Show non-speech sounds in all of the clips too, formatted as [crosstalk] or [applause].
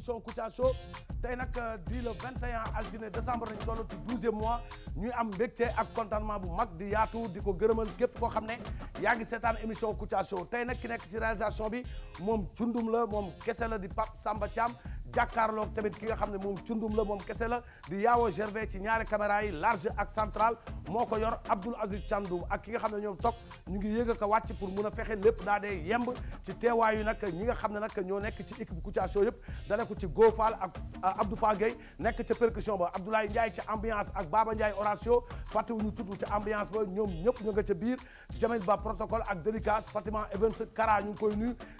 émission Kouthia tey nag euh, di le 21 altine décembre nañu toll ci douzième mois ñu am mbégte ak contentement bu mag di yaatu di ko gërëmal képp koo xam ne yaa ngi seetaan émission Kouthia Show tey nag ki nekk ci réalisation bi moom cundum la moom kese la di Pape Samba Thiam jàkkaarloog tamit ki nga xam ne moom cundum la moom kese la di yaawo Gervais ci ñaari caméra yi large ak central moo ko yor Abdoul Aziz Thiandoum ak ki nga xam ne ñoom toog ñu ngi yëg ak a wàcc pour mun a fexe lépp daa dee yemb ci teewaayu nag ñi nga xam ne nag ñoo nekk ci équipe Kouthia Show yëpp dale ko ci Gofal ak euh, Abdou Fagay nekk ca percussion ba Abdoulaye Ndiaye ci ambiance ak Baba Ndiaye Horatio fàttewuñu tudd ci ambiance ba ñoom ñëpp ñu nga ca biir Jamel Ba protocole ak dédicace Fatima Evans Kara ñu ngi koy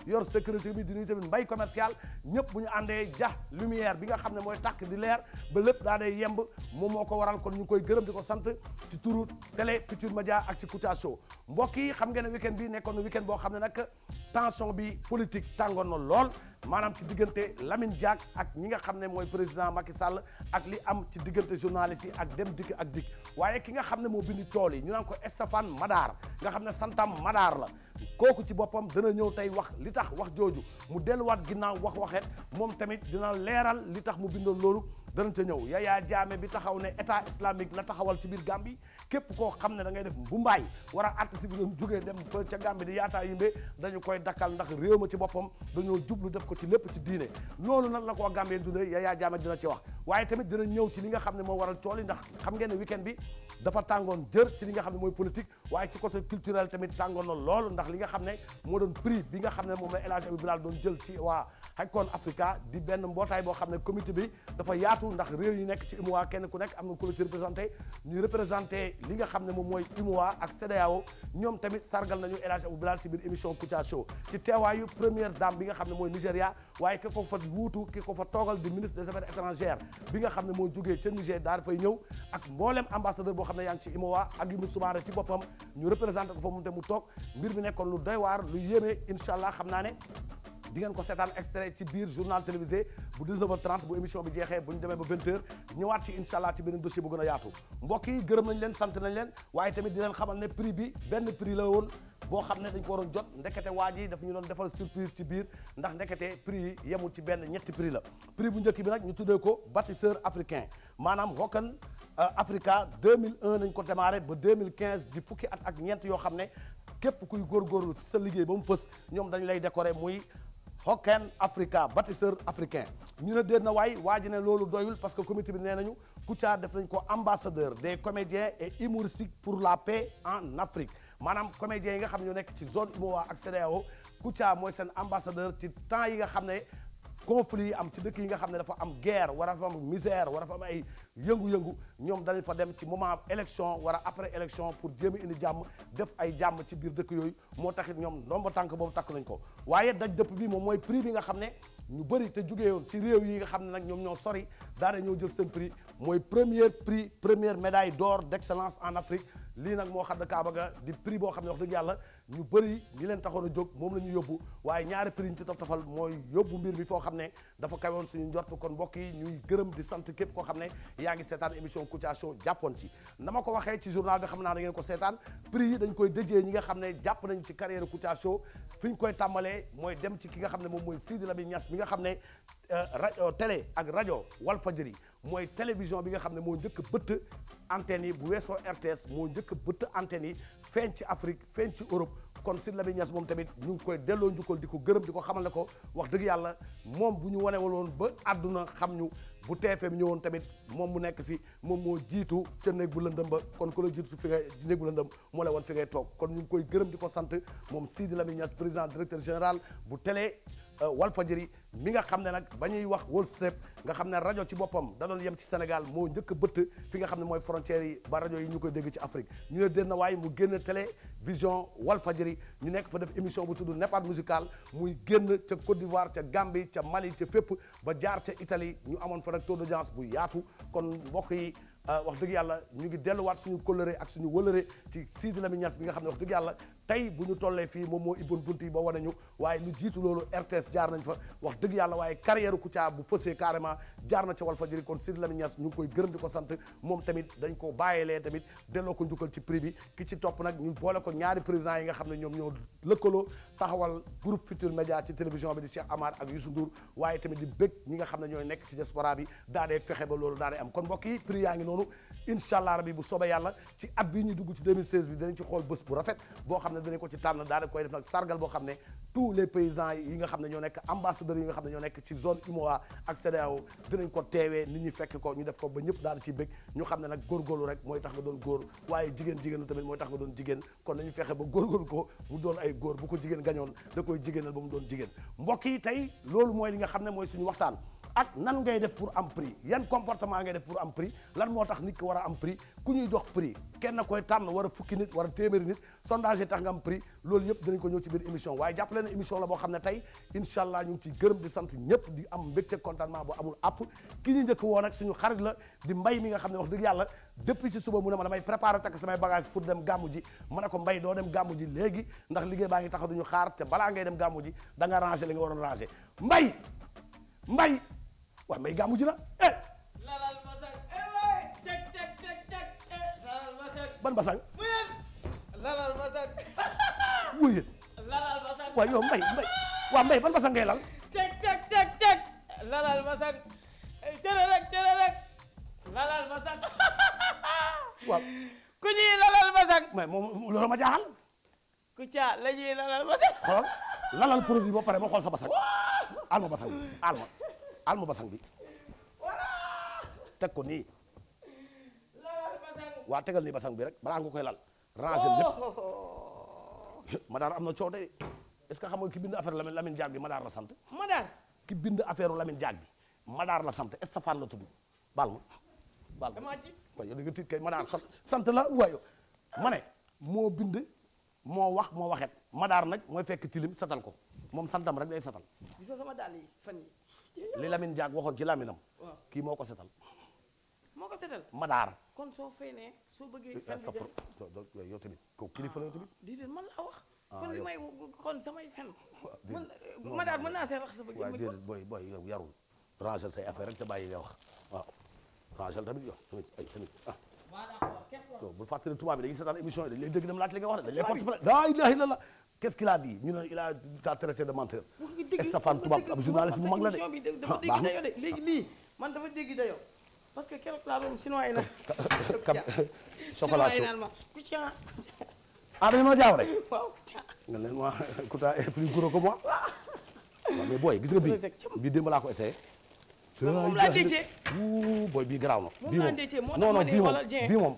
yor sécurité bi di nuyu tamit mbay commercial ñëpp bu ñu àndee ja lumière bi nga xam ne mooy tàkk di leer ba lépp daa day yemb moom moo ko waral kon ñu koy gërëm di ko sant ci turu Télé Futurs Médias ak ci Kouthia yi xam ngeen ne week-end bi nekkoon na week-end boo xam ne nag tension bi politique tàngoon na lool maanaam ci diggante Lamine Diack ak ñi nga xam ne mooy président Macky Sall ak li am ci diggante journaliste yi ak dem digg ak dikk waaye ki nga xam ne moo bind tool yi ñu naan ko Stéphane Madar nga xam ne santam Madar la kooku ci boppam dana ñëw tey wax li tax wax jooju mu delluwaat ginnaaw wax waxeet moom tamit dina leeral li tax mu bindoon loolu dana danañ ca ñëw Yaya Jammeh bi taxaw ne état islamique la taxawal ci biir Gambie képp koo xam ne da ngay def mbumbaay war a artiste bi doon jógee dem fa ca Gambie di yaataa yimbe dañu koy dakkal ndax réew ma ci boppam dañoo jublu def ko si lépp ci diine loolu la ko waa Gambie dundee Yaya Jammeh dina ci wax waaye tamit dina ñëw ci li nga xam ne moo waral cool yi ndax xam ngeen ne week-end bi dafa tàngoon jër ci li nga xam ne mooy politique waaye ci côté culturel tamit tàngoon na lool ndax li nga xam ne moo doon prix bi nga xam ne moom la El Hadj Habib Bilal doon jël ci waa Hackon Africa di benn mbootaay boo xam ne comité bi dafa yaatu ndax réew yi nekk ci UMOA kenn ku nekk am na ku la ci représenté ñu représenté li xam ne moom mooy UMOA ak CEDEAO ñoom tamit sargal na El élage Habib Bilal ci biir émission Kouthia Show ci teewaayu première dame bi nga xam ne mooy Nigéria waaye ki ko fa wuutu ki ko fa toogal di ministre des affaires étrangères bi moo jógee ca Niger daal fay ñëw ak mboolem boo xam ne yaa ngi ci UMOA ak Youmou ñu représenté ko fa mu te mu toog mbir bi nekkoon lu doy waar lu yéeme incha allah xam na ne di ngeen ko seetaan extrait ci biir journal télévisé bu 19h30 bu émission bi jeexee bu ñu demee ba 20h ñëwaat ci incha dossier bu gën a yaatu mbokk gërëm nañ leen sant nañ leen waaye tamit di leen xamal ne prix bi benn prix la woon boo xam ne dañ ko waroon jot ndekete waa ji daf ñu doon defal surprise ci biir ndax ndekete prix yi ci benn ñetti prix la prix bu njëkk bi nag ñu tuddee ko bâtisseur africain maanaam Rokan euh, Africa 2001 nañ ko démarré ba 2015 di fukki at ak ñeent yoo xam ne képp kuy góorgóorlu ci sa liggéey ba mu fës ñoom dañu lay décorer muy Hocken Africa bâtisseur africain ñu ne déet na waay waa ji ne loolu doyul parce que comité bi nee nañu Kouthia def nañ ko ambassadeur des comédiens et humoristiques pour la paix en Afrique maanaam comédiens yi nga xam ne ñu nekk ci zone UMOA ak CEDEAO Kouthia mooy seen ambassadeur ci temps yi nga xam ne conflit yi am ci dëkk yi nga xam ne dafa am guerre war a fa am misère war a fa am ay yëngu-yëngu ñoom dañu fa dem ci moment élection war a après pour jéem a jàmm def ay jàmm ci biir dëkk yooyu moo taxit ñoom ndomba tànk boobu takk nañ ko waaye daj dëpp bi moom mooy prix bi nga xam ne ñu bëri te jugee woon ci réew yi nga xam ne nag ñoom ñoo sori daana ñoo jël seen pri mooy premier prix première médaille d'or d'excellence en Afrique lii nag moo xam xadd kaaba ga di prix boo xam ne wax dëgg yàlla ñu bëri li leen taxoon a jóg moom la ñu yóbbu waaye ñaari prix ñu ci mooy yóbbu mbir mi foo xam ne dafa kawoon suñu njort kon mbokk yi ñuy gërëm di sant képp koo xam ne yaa ngi seetaan émission Kouthia Show jàppoon ci na ma ko waxee ci journal bi xam naa da ko seetaan prix yi dañ koy dëjee ñi nga xam ne jàpp nañ ci carrière Kouthia Show fi ñu koy tàmbalee mooy dem ci ki nga xam ne moom mooy Sidi Lamine Niass mi nga xam ne euh, euh, télé ak rajo Walfadjri mooy télévision bi nga xam ne moo njëkk bëtt antenne yi bu weesoo RTS moo njëkk bëtt antenne yi feeñ ci Afrique feeñ ci Europe kon Sidy Lamine Niass moom tamit ñu ngi koy delloo njukkal di ko gërëm di ko xamal ne ko wax dëgg yàlla moom bu ñu wanewaloon ba àdduna xam ñu bu TFM ñëwoon tamit moom mu nekk fi moom moo jiitu ca néeg bu lëndëm ba kon ko la jiitu fi ngay néeg bu lëndëm moo la woon fi ngay toog kon ñu ngi koy gërëm di ko sant moom Sidy Lamine Niass président directeur général bu Euh, Walfadjri mi nga xam ne nag ba ñuy wax Wall Street nga xam ne rajo ci boppam da doon yem ci Sénégal moo njëkk a bëtt fi nga xam ne mooy frontières ba rajo yi ñu koy dégg ci Afrique ñu ne dén na waaye mu génn télévision Walfadjri ñu nekk fa def émission bu tudd Nepad musical muy génn ca Côte d'Ivoire ca Gambie ca Mali ca fépp ba jaar ca Italie ñu amoon fa nag de d'audience bu yaatu kon mbokk yi Euh, wax dëgg yàlla ñu ngi delluwaat suñu kóllëre ak suñu wëlëre ci Sidi Lamine Niass bi nga xam ne wax dëgg yàlla tey bu ñu tollee fii moom moo ibboon bunt yi ba wane ñu waaye lu jiitu loolu RTS jaar nañ fa wax dëgg yàlla waaye carrière Kouthia bu fësee carrément jaar na ca Walfadjri kon Sidi Lamine Niass ñu ngi koy gërëm di ko sant moom tamit dañ ko bàyyeelee tamit delloo ko njukkal ci prix bi ki ci topp nag ñu boole ko ñaari président yi nga loolu incha allah rabi bu soobee yàlla ci at bii ñu dugg ci 2016 bi danañ ci xool bés bu rafet boo xam ne danañ ko ci tànn daana koy def nag sargal boo xam ne tous les paysans yi nga xam ne ñoo nekk ambassadeurs yi nga xam ne ñoo nekk ci zone UMOA ak CEDEAO dinañ ko teewee nit ñi fekk ko ñu def ko ba ñëpp daal ciy bëgg ñu xam ne nag góorgóorlu mooy tax nga doon góor waaye jigéen jigéenu tamit mooy tax nga doon ko mu doon ay góor bu ko jigéen gañoon da koy jigéenal ba mu doon jigéen mbokk tey loolu mooy li nga xam ne ak nan ngay def pour am prix yan comportement ngay def pour am prix lan moo tax nit ki war a am prix ku ñuy jox prix kenn koy tànn war a fukki nit war a téeméeri nit sondage yi tax nga am prix loolu yëpp dinañ ko ñëw ci biir émission waaye jàppale ne émission la boo xam ne tey incha allah ñu ngi ciy gërëm di sant ñëpp di am mbégte contentement bu amul app ki ñu njëkk woon ak suñu xarit la di mbay mi nga xam ne wax dëgg yàlla depuis ci suba mu ne ma samay bagage pour dem gàmmu ji ma ne ko mbay doo dem gàmmu ji léegi ndax liggéey baa ngi tax duñu xaar te balaa ngay dem gàmmu da nga rangé li nga waroon mbay waaw mais gàmmu ji la eh. lalal basang eh, eh ban basang. wuyal lalal basang. [laughs] wuyal. lalal mbay mbay waaw mbay ban basang ngay lal. cek cek cek cek lalal basang eh, cere rek cere rek lalal [laughs] ku ñuy lalal basang. loolu ma jaaxal. ku caa la ñuy lalal basang. xoolal lalal produit ba alma. al ma basang bi teg ko nii waa tegal nii basang bi rek balaa nga koy lal range lépp madaar am na coow de est-ce que xam ki bind affaire Lamine Lamine Diack bi madaar la sant madaar ki bind affaire bi madaar la sant Estafane la tudd baal ma baal ma kay madaar sant sant la waaye ma moo bind moo wax moo waxet madaar nag mooy fekk tilim satal ko moom santam rek day satal li Lamine Diack waxoon ci Laminam. waaw kii moo ko setal. moo ko setal Madaar. kon soo fay ne soo bëggee. Eh, fen bi yow tamit ko kilifa la yow tamit. Ah, déedéet man laa wax. Ah, kon li may kon samay fen. Ah, eh, Madaar mën naa see rax sa bëgg. waaw déedéet booy booy yow yarul. rangel say affaire rek te bàyyi nga wax waaw rangel tamit yow tamit ay tamit ah. voilà képp koo bu fàttali yi dañu lay dégg dem laaj li nga wax de dañu lay. waaw waaw qu'est-ce qu'il ñu ne il a t'a traité de menteur. Stéphane Toubab ab bu mag la de. dafa ah, dégg dayo de léegi nii man dafa dégg dayo parce que keroog laa doon chinois yi naan. [laughs] chocolat chaud chinois ma Koutia. ah dañu ma jaaw rek. waaw Koutia. nga leen waa Koutia est plus gros que moi. waaw [laughs] mais booy gis bi bii bii démb laa ko essayé. moom laa déjee booy bii garaaw na. moom moom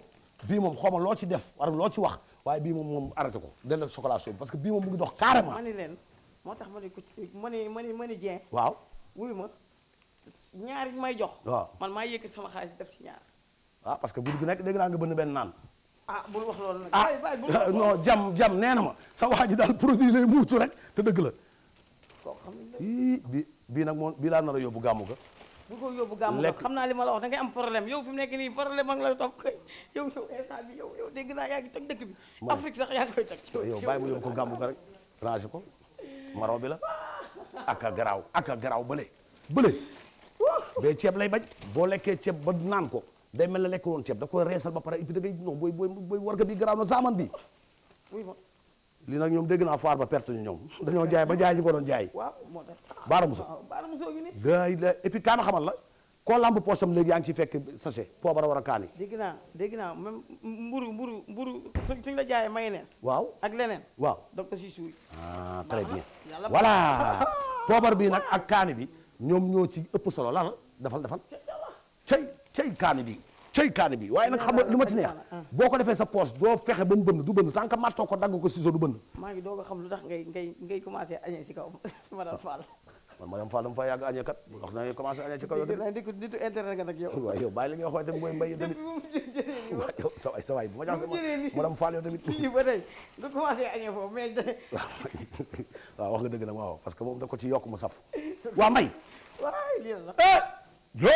bii moom xaw ma loo ci def war loo ci wax. waaye bii moom moom arrêté ko delloo chocolat parce que bii moom mu dox carrément. ma leen moo tax ma ne ko ma ma ma ne waaw wuyu ma ñaar yi may jox. waaw man maa yëkkati sama xaalis def ci ñaar. Ah, parce que guddi gi nekk dégg naa nga bënn benn naan. ah bul wax loolu nag. ah non jam jam nee na ma sa waa ji daal produit lay muutu rek te dëgg la. bii nag moom bii laa nar a yóbbu gàmmu ga bu ko yóbbu gàmmu ko xam naa li ma la wax da ngay am problème yow fi mu nekk nii problème ma ngi lay topp kay yow yow instant bi dégg naa yaa ngi toj dëkk bi Afrique sax yaa ngi koy toj yow bàyyi mu yóbbu ko gàmmu ko rek ko maro bi la ak a garaaw ak garaaw bële bële mais ceeb lay bañ boo lekkee ceeb ba naan ko day mel la lekk woon ceeb da koy reesal ba pare et puis da ngay non booy booy booy warga bi garaaw na saaman bi lii nag ñoom dégg naa foire ba perte ñu ñoom [laughs] dañoo jaay ba jaay ñu ko doon jaay. waaw moo tax baara muso. baara muso gi nii. day la et puis kaama xamal la. koo lamb poosam léegi yaa ngi ci fekk sachet poobara war a kaani. dégg naa dégg naa même mburu mburu mburu suñ la jaayee mayonnaise. waaw ak leneen. waaw donc da ciy suuy. ah très [laughs] poobar bii nag ak kaani bi ñoom ñoo ci ëpp solo lan la dafal defal. cey cey kaani bi. cëy kaani bi waaye nag xam lu ma ah. boo ko defee sa poche doo fexe ba mu bënd du bënd tant que mattoo ko dagg ko du bënd maa doog a xam lu tax ngay ngay ngay [laughs] ci kaw yow tamit nitu internet nga nag yow waaye tamit mooy mbay tamit [laughs] waaw yow sa waay sa waay wax nga dëgg nag waaw parce que moom da ko ci yokk mu saf waa mbay yoo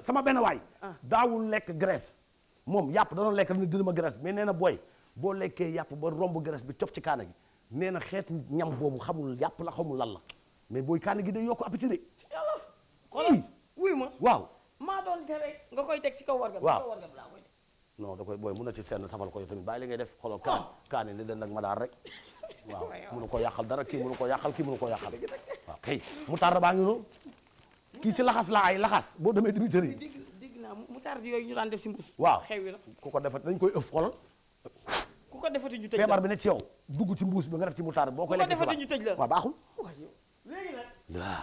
sama benn waay. Ah. daawul lekk graisse moom yàpp da doon lekk rek dina ma graisse mais nee na booy boo lekkee yàpp ba romb graisse bi cof ci kaana gi nee na xeetu ñam boobu xamul yàpp la xamul lan la mais booy kaana gi day yokk appétit de. yàlla ma waaw. si kaw warga. waaw kaw da koy booy mun a ci seen safal ko yow tamit bàyyi li ngay def xoolal kaan ah. kaane ni den ak madaar rek [laughs] waaw mënu ko yàqal dara kii mënu ko yàqal kii mënu ko yàqal waaw mu taar baa ngi noonu kii ci laxas la ay laxas boo demee dibiteri yi. dégg naa moutarde yooyu ñu daan def si mbuus. waaw xew yi la ku ko defati dañ koy ëf xolal. ku ko defati ñu tëj la feebar bi ne ci yow dugg ci mbuus bi nga def ci moutarde boo koy lekk. ku ko defati ñu tëj la waaw baaxul. léegi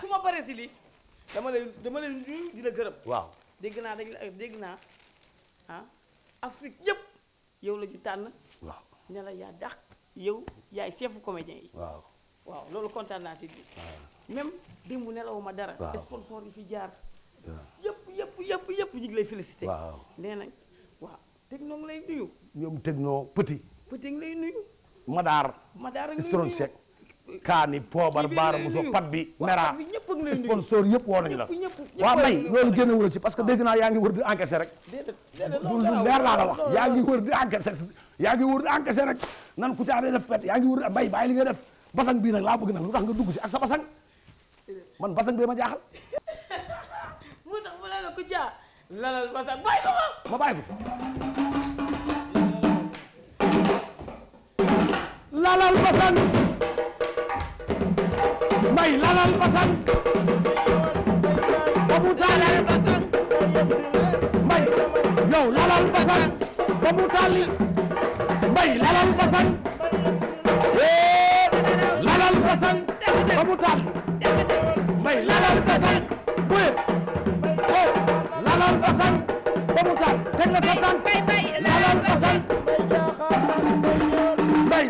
su ma paree si lii. dama lay dama lay nuyu di gërëm. waaw dégg naa dañ la dégg naa ah Afrique yëpp yow la tànn. waaw ne la yaa dàq yow yaay loolu kontaan naa si bi même démb nelawuma dara. waaw sponsor yi fi jaar. yëpp yëpp yëpp yëpp ñu ngi lay félicité. waaw nee nañ waaw Tekno ngi lay nuyu. ñoom Tekno petit. petit ngi lay nuyu. Madaar. Kaani Poobar Baara Muso Pat bi. Mera sponsor yëpp woo nañu may naa yaa ngi wër di encaissé rek. déedéet loolu leer laa la wax yaa ngi wër di encaissé yaa nan ku caa def fet yaa ngi wër mbay bàyyi li nga def basang bii nag laa bëgg nag lu tax nga dugg si ak sa basang man basang bee ma jaaxal. [laughs] moo tax mu la la ku caa lalal basang bàyyi ko ma. ma ba mu taalal basang lalal basang lalal basang. lalal basang ba mu taal. bay lalal basal buy hey lalal basal ba mu taal teg na sa tànk lalal bay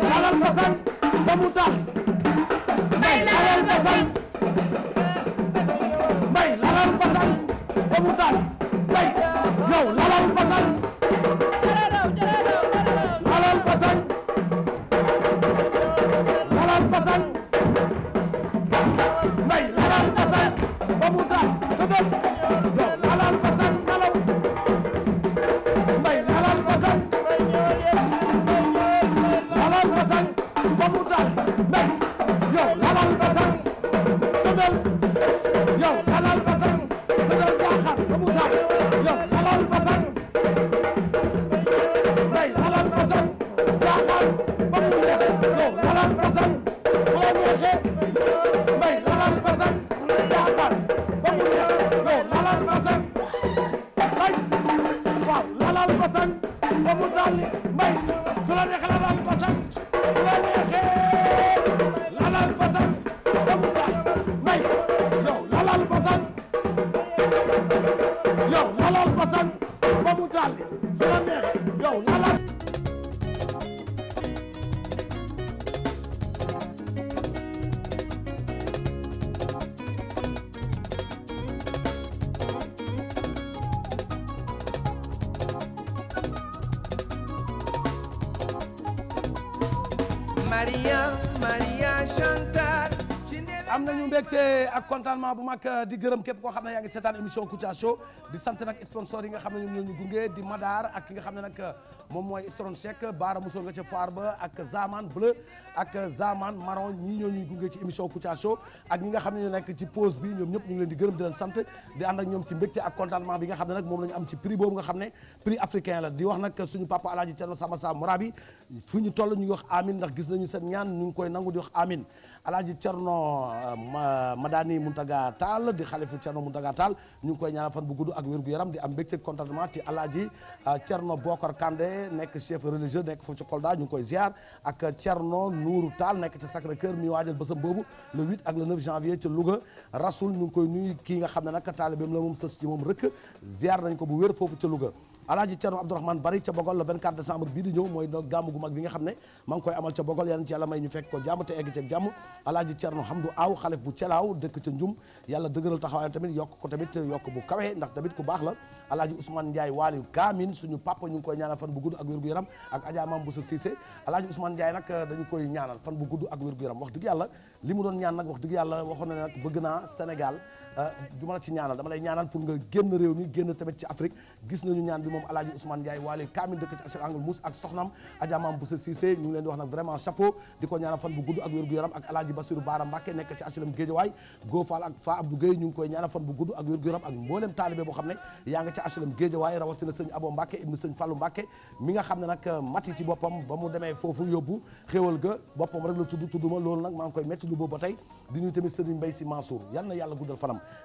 lalal basal ba mu taal bay lalal basal bay mu taal bay yow lalal basal Maria, Maria Chantal. am nañu mbégte ak contentement bu mag di gërëm képp koo xam ne yaa ngi seetaan émission sant nag sponsor yi nga xam ne ñoom ñoo ñu gunge di Madar ak ki nga xam ne nag moom mooy Stron Check Baara Mousso nga ca foire ba ak Zaman bleu ak Zaman marron ñii ñoo ñuy gunge ci émission Kouthia ak ñi nga xam ne ñu nekk ci pause bi ñoom ñëpp ñu ngi leen di gërëm di leen sant di ànd ak bi nga xam ne nag moom la ñu am ci prix boobu nga xam ne prix africain la di wax nag suñu papa Alaaji Cerno Samba Sa Morabi fu ñu toll ñu ngi wax amin ndax gis nañu seen ñaan ñu ngi koy nangu di wax amin alaaji Cerno Madani Muntaga Tall di xalifu Cerno Muntaga Tall ñu ngi koy ñaanal fan bu gudd ak wér gu yaram di am mbégte contentement ci alaaji ah, Cerno Bokar Kandé nekk chef religieux nekk foofu ci Kolda ñu ngi koy ziar ak Cerno Nuuru taal nekk ci Sacré Cœur mi waajal bësam boobu le 8 ak le 9 janvier ci Louga Rasoul ñu koy nuyu kii nga xam ne nag taalibeem la moom sës ci moom rëkk ziar nañ ko bu wér foofu ca Louga alaaji Cerno Abdourahmane Bari ca Bogol le 24 décembre bii di ñëw mooy nag gàmm gu mag bi nga xam ne maa ngi koy amal ca Bogol yàlla ci yàlla may ñu fekk ko jàmm te egg ca jàmm alaaji Cerno Hamdu Aw xalif bu Celaaw dëkk ca Njum yàlla dëgëral taxawaayam tamit yokk ko tamit yokk bu kawe ndax tamit ku baax la alaaji Ousmane Ndiaye waaliyu kaamin suñu papa ñu ngi koy ñaanal fan bu gudd ak wér-gu-yaram ak Adja Mam Boussa Cissé alaaji Ousmane Ndiaye nag eh, dañu koy ñaanal fan bu gudd ak wér-gu-yaram wax dëgg yàlla li mu doon ñaan nag wax dëgg yàlla waxoon na bëgg naa Sénégal Euh, du ma la ci ñaanal dama lay ñaanal pour nga génn réew mi génn tamit ci Afrique gis nañu ñaan bi moom alaaji Ousmane Ndiaye waale kaamil dëkk ci Achille Angle Mousse ak soxnam Adja Mam Boussa Cissé ñu leen di wax nag vraiment chapeau di ko ñaanal fan bu gudd ak wér gu ak alaaji Bassirou bu xam ne yaa nga ci HLM Guédiawaye rawatina sëñ Abo Mbacké ibnu sëñ Fallou Mbacké mi nga xam ne nag euh, mati boppam ba mu demee foofu yóbbu xéewal ga boppam rek la tudd tudduma loolu maa ngi koy metti lu ba tey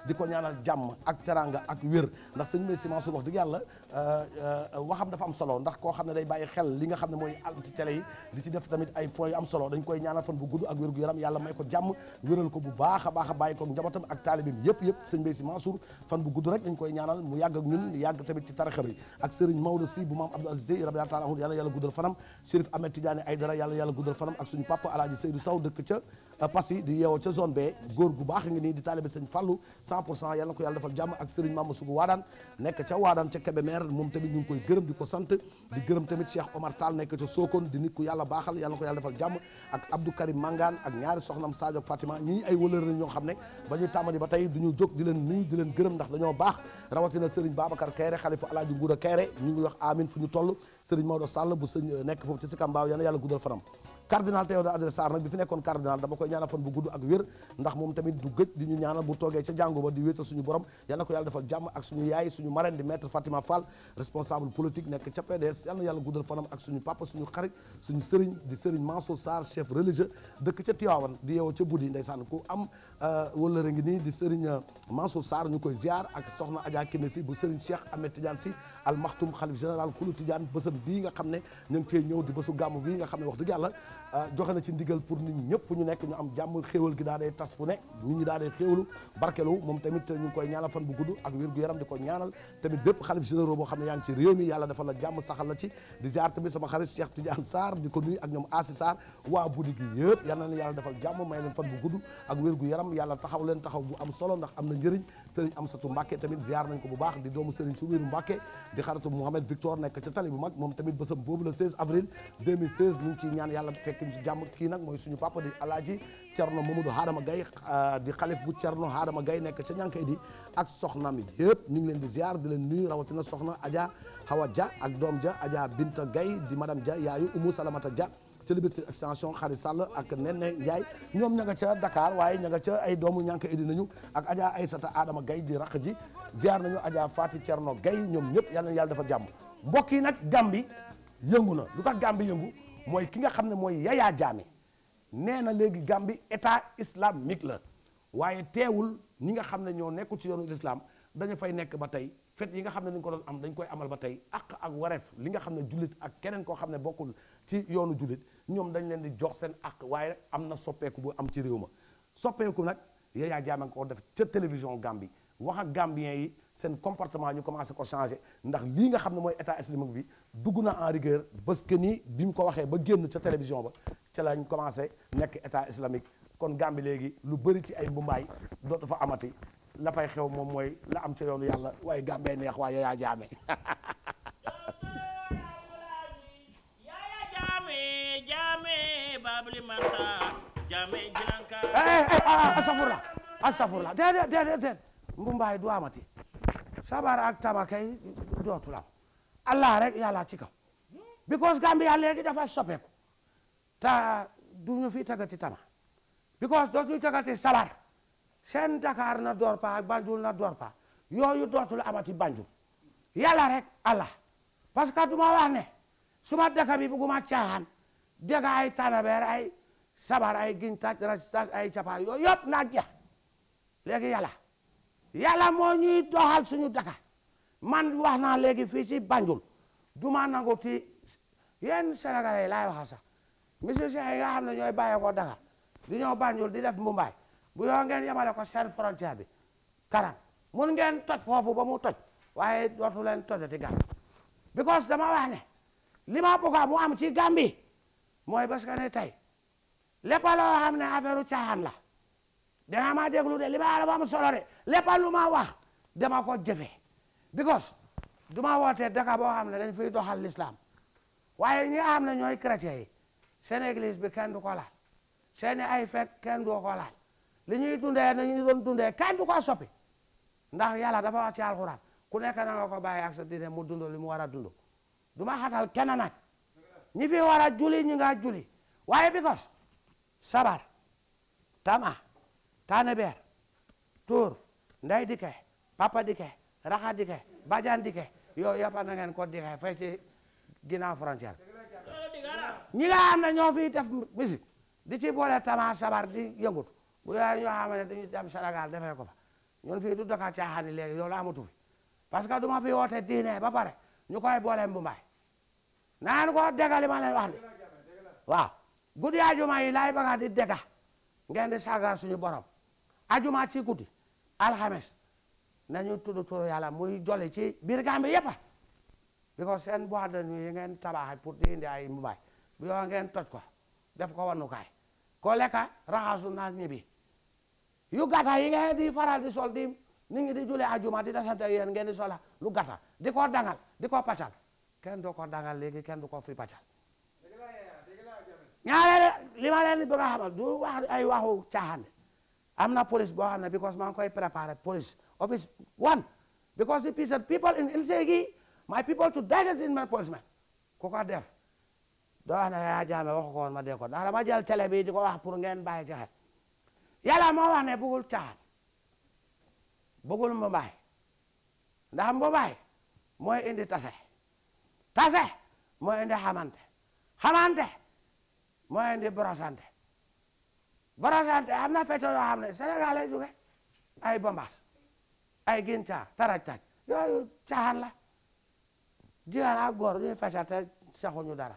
di ko ñaanal jàmm ak teranga ak wér ndax sëñ Mbaye Sy Mansour wax dëgg yàlla euh, euh, euh, waxam dafa am solo ndax koo xam ne day bàyyi xel li nga xam ne mooy am ci télé yi di ci def tamit ay points yu am solo dañ koy ñaanal fan bu gudd ak yaram yàlla may ko jàmm wéral ko bu baax a baax a bàyyi ko njabootam ak taalibim yëpp yëpp sëñ Mbaye Sy Mansour fan bu koy ñaanal mu yàgg ak ñun yàgg tamit ci tarixa bi ak sëriñ Maodo si bu maam Abdou Aziz rabbi taala yàlla yàlla guddal fanam Chérif Ahmed Tidiane Aydara yàlla yàlla guddal fanam ak suñu papa Alaaji Seydou Sow dëkk ca Euh, parce que di yeewoo ca zone B góor gu baax ngi nii di taalibe sëñ Fallou 100 pour cent yàlla na ko yàlla defal jàmm ak Serigne ma Sougou Waadaan nekk ca Waadaan ca Kébémer moom tamit ñu ngi koy gërëm di ko sant di gërëm tamit Cheikh Omar Tall nekk ca Sokone di nit ku yàlla baaxal yàlla na ko yàlla defal jàmm ak Abdou Karim Mangane ak ñaari soxnam Sadio ak Fatima ñii ay wëlër lañ ñoo xam ne ba ñuy tàmbali ba tey du ñu jóg di leen nuyu di leen gërëm ndax dañoo baax rawatina Serigne Babacar Kayre xalifa Alaaji ñu ngi wax amin fu ñu toll Serigne Maodo Sall bu sëñ nekk foofu yàlla yàlla guddal fanam cardinal Théodore Adrien Sarr nag bi fi nekkoon cardinal dama koy ñaanal fan bu gudd ak wér ndax moom tamit du gëj di ñu ñaanal bu toogee ca jàngu ba di wéetal suñu borom yal na ko yàlla defal jàmm ak suñu yaay suñu marraine di maître Fatima Fall responsable politique nekk ca PDS yal na yàlla guddal fanam ak suñu papa suñu xarit suñu sëriñ di sëriñ Mansour Sarr chef religieux dëkk ca Tivaouane di yeewoo ca Budi ndeysaan ko am Euh, wëllëre ngi nii di Serigne euh, Mansour Sarr ñu koy ziar ak soxna Adja Kine si bu Serigne Cheikh Ahmed Tidiane si almaxtum xalif général kulu Tidiane bésam bii nga xam ne ñu ngi cee ñëw di bésu gàmmu bii nga xam ne wax dëgg yàlla Euh, joxe na ci ndigal pour nit ñëpp fu ñu nekk ñu am jàmm xéewal gi daa dee tas fu ne nit ñi daa dee xéewalu barkelu moom tamit ñu ngi koy ñaanal fan bu gudd ak wér-gu-yaram di ko ñaanal tamit bépp xalif généraux boo xam ne yaa ngi yàlla dafa la jàmm saxal la ci di ziar tamit sama xarit Cheikh ko nuyu ak ñoom Asi Sarr waa buddi gi yëpp yàlla defal jàmm may leen fan bu gudd ak wér-gu-yaram yàlla taxaw leen taxaw bu am solo ndax am na njëriñ sëriñ Amsatu Mbàkke tamit ziar nañ ko bu baax di doomu sëriñ Soumirou Mbàkke di xaritu Mohamed Victor nekk ca tali bu mag moom tamit bësam boobu le 16 avril 2016 ñu ngi ciy ñaan yàlla fekk ñu ci jàmm kii nag mooy suñu papa di alaaji Cerno Mamadou Hadama Gaye euh, di xalif bu Cerno Hadama Gaye nekk ca ñankay di ak soxnaam yëpp ñu ngi leen di ziar di leen nuyu rawatina soxna Adja Hawa Dia ak doom ja Adja Binta gay di madame Dia yaayu Umu Salamata ja ci liberté extension Xari Sall ak Nene Ndiaye ñoom ña nga ca Dakar waaye ña nga ca ay doomu ñànk idi nañu ak ay sata Adama gay di raq ji ziar nañu Adja Fatou Thierno Gaye ñoom ñëpp yal na yàlla dafa jàmm mbokk yi nag Gàmbi yëngu na lu tax Gàmbi yëngu mooy ki nga xam ne mooy Yaya Jammeh nee na léegi Gàmbi état islamique la waaye teewul ñi nga xam ne ñoo nekku ci yoonu l'islam dañu fay nekk ba tey fet yi nga xam ne dañ ko doon am dañ koy amal ba tey àq ak wareef li nga xam ne jullit ak keneen koo xam ne bokkul ci yoonu jullit ñoom dañ leen di jox seen àq waaye am na soppeeku bu am ci réew ma soppeeku nag Yaya Jammeh ko def ca télévision Gambie wax ak Gambiens yi seen comportement ñu commencé ko changé ndax lii nga xam ne mooy état islamique bi dugg na en rigueur parce que ni bi mu ko waxee ba génn ca télévision ba ca lañ commencé nekk état islamique kon Gambie léegi lu bëri ci ay mbumbaay dootu fa amati la fay moom mooy la am ca yoonu yàlla waaye gàmbee neex waaye yaa jaame eh, eh, asafurla asafurla déedéet déedéet déedéet mbumbaay du amati sabara ak tama kay dootul am allah rek yàlla ci because Gambia léegi dafa soppeeku ta duñu fi tagati tama because dootuñu tagati sabar seen Dakar na door paa Banjul na door paa yooyu dootul amati Banjul yàlla rek Allah parce que du ma wax ne suma dëkk bi bugguma caaxaan dëgg ay tanabeer ay sabar ay gintaaj rasitaaj ay capaa yooyu yëpp naa jeex léegi yàlla yàlla moo ñuy doxal suñu dëkk man wax naa léegi fii ci Banjul du nangu ti yéen Sénégalais yi laay waxa sax musiciens yi nga na ne ñooy bàyyeekoo Dakar di ñëw Banjul di def Mumbai bu yoo ngeen yemale ko seen frontière bi karam mun ngeen toj foofu ba mu toj waaye dootu leen tojati Gàmbi because dama wax ne li ma mu am ci Gàmbi mooy parce que ne tey lépp loo xam ne affaire caaxaan la dana ma déglu de li ma dafa am solo de lépp lu ma wax dama ko jëfe because du ma wootee daka boo xam ne dañ fiy doxal l'islam waaye ñi xam ne ñooy chrétien yi seen église bi kenn du ko laal seen ay fekk kenn du ko laal li ñuy dundee nañu doon dundee kenn du ko soppi ndax yàlla dafa wax ci alxuraan ku nekk na nga ko bàyyi ak sa diine mu dund li mu war a dund du ma xatal kenn ñi fi war a juli ñi nga juli waaye because sabar tama tanebeer tuur nday dikke papa dikke raxa dikke bajan dikke yow yëpp na ngeen ko dikke fay ci ginnaaw ñi nga am ñoo fi def musique di ci boole tama sabar di yëngut bu yaay ñoo xam ne dañuy dem Sénégal defee ko fa ñun fii du daka caaxaan léegi loolu amatu fi parce que du ma fi woote diine ba pare ñu koy booleem bu mbaay naan ko dégali ma leen wax ni waaw guddi ajuma yi laay bëgg di dégga ngeen di sagal suñu borom ajuma ci guddi alxames nañu tudd turu yàlla mu jolli ci biir Gàmbi yëpp because seen boîte de nuit yi ngeen tabax pour di indi ay mbaay bu yoo ngeen toj ko def ko wanukaay ko lekka raxasu naan ñibbi yu gàtta yi ngeen di faral di sol di nit ñi di julee ajuma di tasante yéen ngeen di sola lu gàtta di ko dangal di ko paccal kenn du ko dangal léegi kenn du ko fi paccal ñaareel li ma leen bëgg a du wax ay waxu caaxaan am na police boo xam ne because maa ngi koy préparé police office one because the people in Ilsegi my people to digest in my policeman ku ko def doo wax ne yaa jaame waxu ko woon ma dee ko ndax dama jël télé bi di ko wax pour ngeen bàyyi yàlla moo wax ne bëggul caaxaan bëggul ndax mbobaay mooy indi tase tase mooy indi xamante xamante mooy indi borosante borosante am na feccoo yoo xam ne Sénégal lay ay bombas ay gincaar taraj taj yooyu caaxaan la jigéen ak góor ñuy te sexuñu dara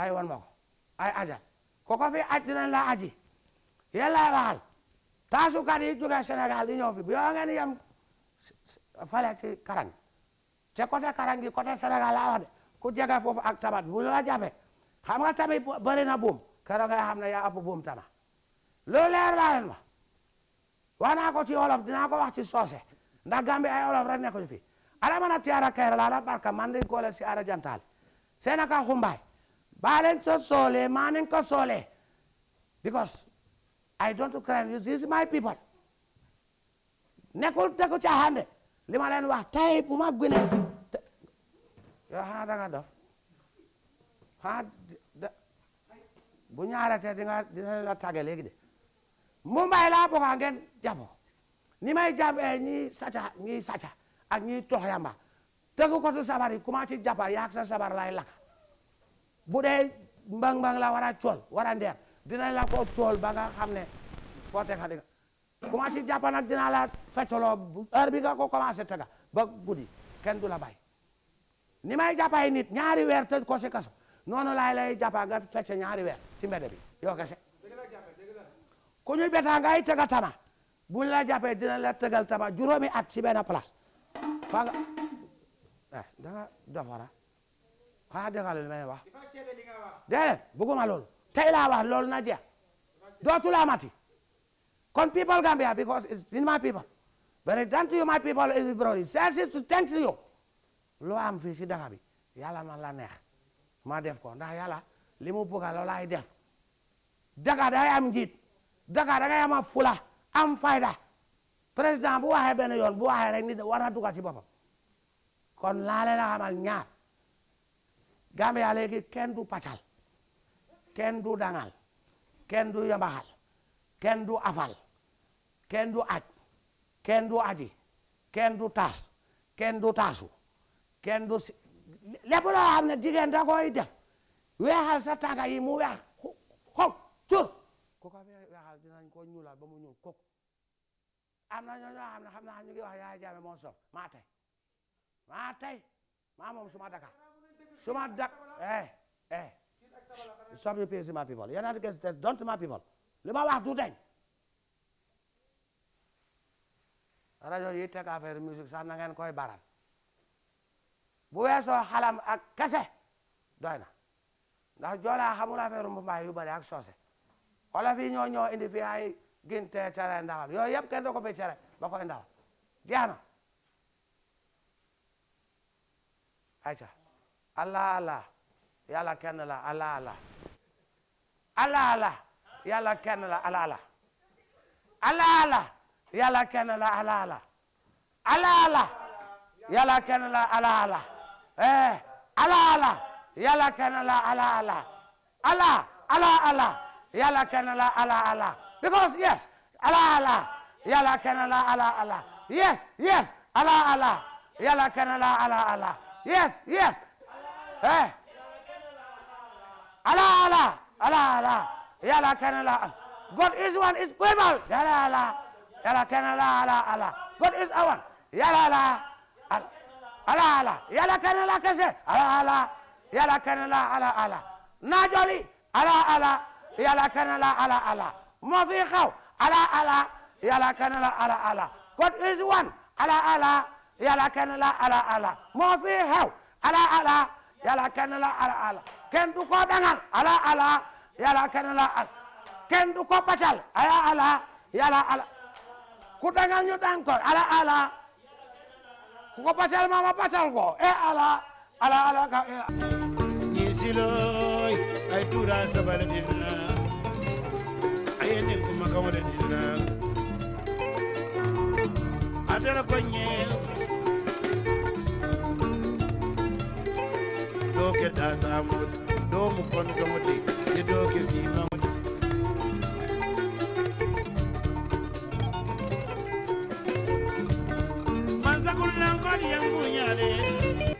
ay wan ay ajal ko ko fi la aji yéen laay waxal taasukat yi jógee Sénégal di ñëw fi bu yoo ngeen yem fale ci karang ca côté karang gi côté Sénégal ku jege foofu ak tabat bu la jàppee xam nga tami bëri na buum keroog nga xam ne yaa ëpp buum tama loolu leer laa leen wax naa ko ci olof dinaa ko wax ci soose ndax Gambie ay olof rek nekkuñu fi ala mana tiara kerala la barka man din si ara jantal sena ka humbay balen so sole manen ko soole because I don't cry you this is my people nekkul li ma leen wax tey bu ma gënee ci yow xanaa da dof bu ñaarete di nga dina la tàgge léegi de Mumbai laa bokk ngeen ni may jàppee ñi sàcca ñi sàcca ak ñi tox yamba tegu ko tu sabar yi kuma ci jàppal yaak sa sabar lay lakk bu dee mbang mbang la war a cool war dina la ko tool ba nga xam ne foo te xadi nga commencé jàpp nag dina la feccoloo bu heure bi nga ko commencé tega ba guddi kenn du la bàyyi ni may jàppay nit ñaari weer te ko si kaso noonu laay lay jàppa nga fecc ñaari weer ci mbedd bi yoo kese ku ñuy betaa ngay tega tama buñ la jàppee dina la tegal tama juróomi at ci benn place fa nga eh danga dofara xanaa dégg nga li may wax déedéet bëgguma loolu tey laa wax loolu na jeex dootul amati kon people Gambia because it's in my people but it done you my people is brother to thanks you loo am fii si bi yàlla man la neex ma def ko ndax yàlla li mu bëgg loolu def daka day am njiit daka da ngay am fula am fayda président bu waxee benn bu waxee rek nit war na dugal ci boppam kon laa leen a xamal ñaar Gambia du pàccal kenn du dangal kenn du yambaxal kenn du afal kenn du aj kenn du aji kenn du taas kenn du taasu kenn du si lépp loo xam ne jigéen da koy def weexal sa tànka yi mu weex xog cur ku ko weexal dinañ ko ñuulal ba mu ñuul kok am na ñoo xam ne xam naa ñu ngi wax yaay jaame moo sof maa tey maa tey maa moom suma Dakar suma dak eh, eh. stop your piercing my people you're not against that don't my people li ma wax du deñ rajo yi teg affaire musique sax na koy baral bu weesoo xalam ak kese doy na ndax joolaa xamul affaire mbaay yu bari ak soose olof yi ñoo ñoo indi fi ay ginte cere ndawal yooyu yëpp kenn ko fi cere ba koy ndawal jeex na ayca allah allah yàlla kenn la ala ala ala ala yàlla kenn la ala ala ala ala yàlla kenn la ala ala ala ala yàlla kenn la ala ala eh ala ala yàlla kenn la ala ala ala ala ala yàlla kenn la ala ala because yes ala ala yàlla kenn la ala ala yes yes ala ala yàlla kenn la ala ala yes yes eh Allah, Allah, Allah, Allah. Ya Allah, can Allah. God is one, is primal. Ya Allah, Allah. Ya Allah, can Allah, Allah, Allah. God is our. Ya Allah, Allah. Allah, Allah. Ya Allah, can Allah, kese. Allah, Allah. Ya Allah, can Allah, Allah, Allah. Najoli. Allah, Allah. Ya Allah, can Allah, Allah, Allah. Mofi khaw. Allah, Allah. Ya Allah, can Allah, Allah, Allah. God is one. Allah, Allah. Ya Allah, can Allah, Allah, Allah. Mofi khaw. Allah, Allah. Ya Allah, can Allah, Allah, Allah. kenn du ko dangal ala ala kenn la al kenn du ko batal ala ala yàlla ala ku dangal ñu dang ko ala ala ku ko batal ma ma batal ko e ala ala ala ka e ay tuura sabale dina ay ne kuma kawale dina adala ko ñeew keɗɗa samoje ɗo mo kondomo de yeto gesimamo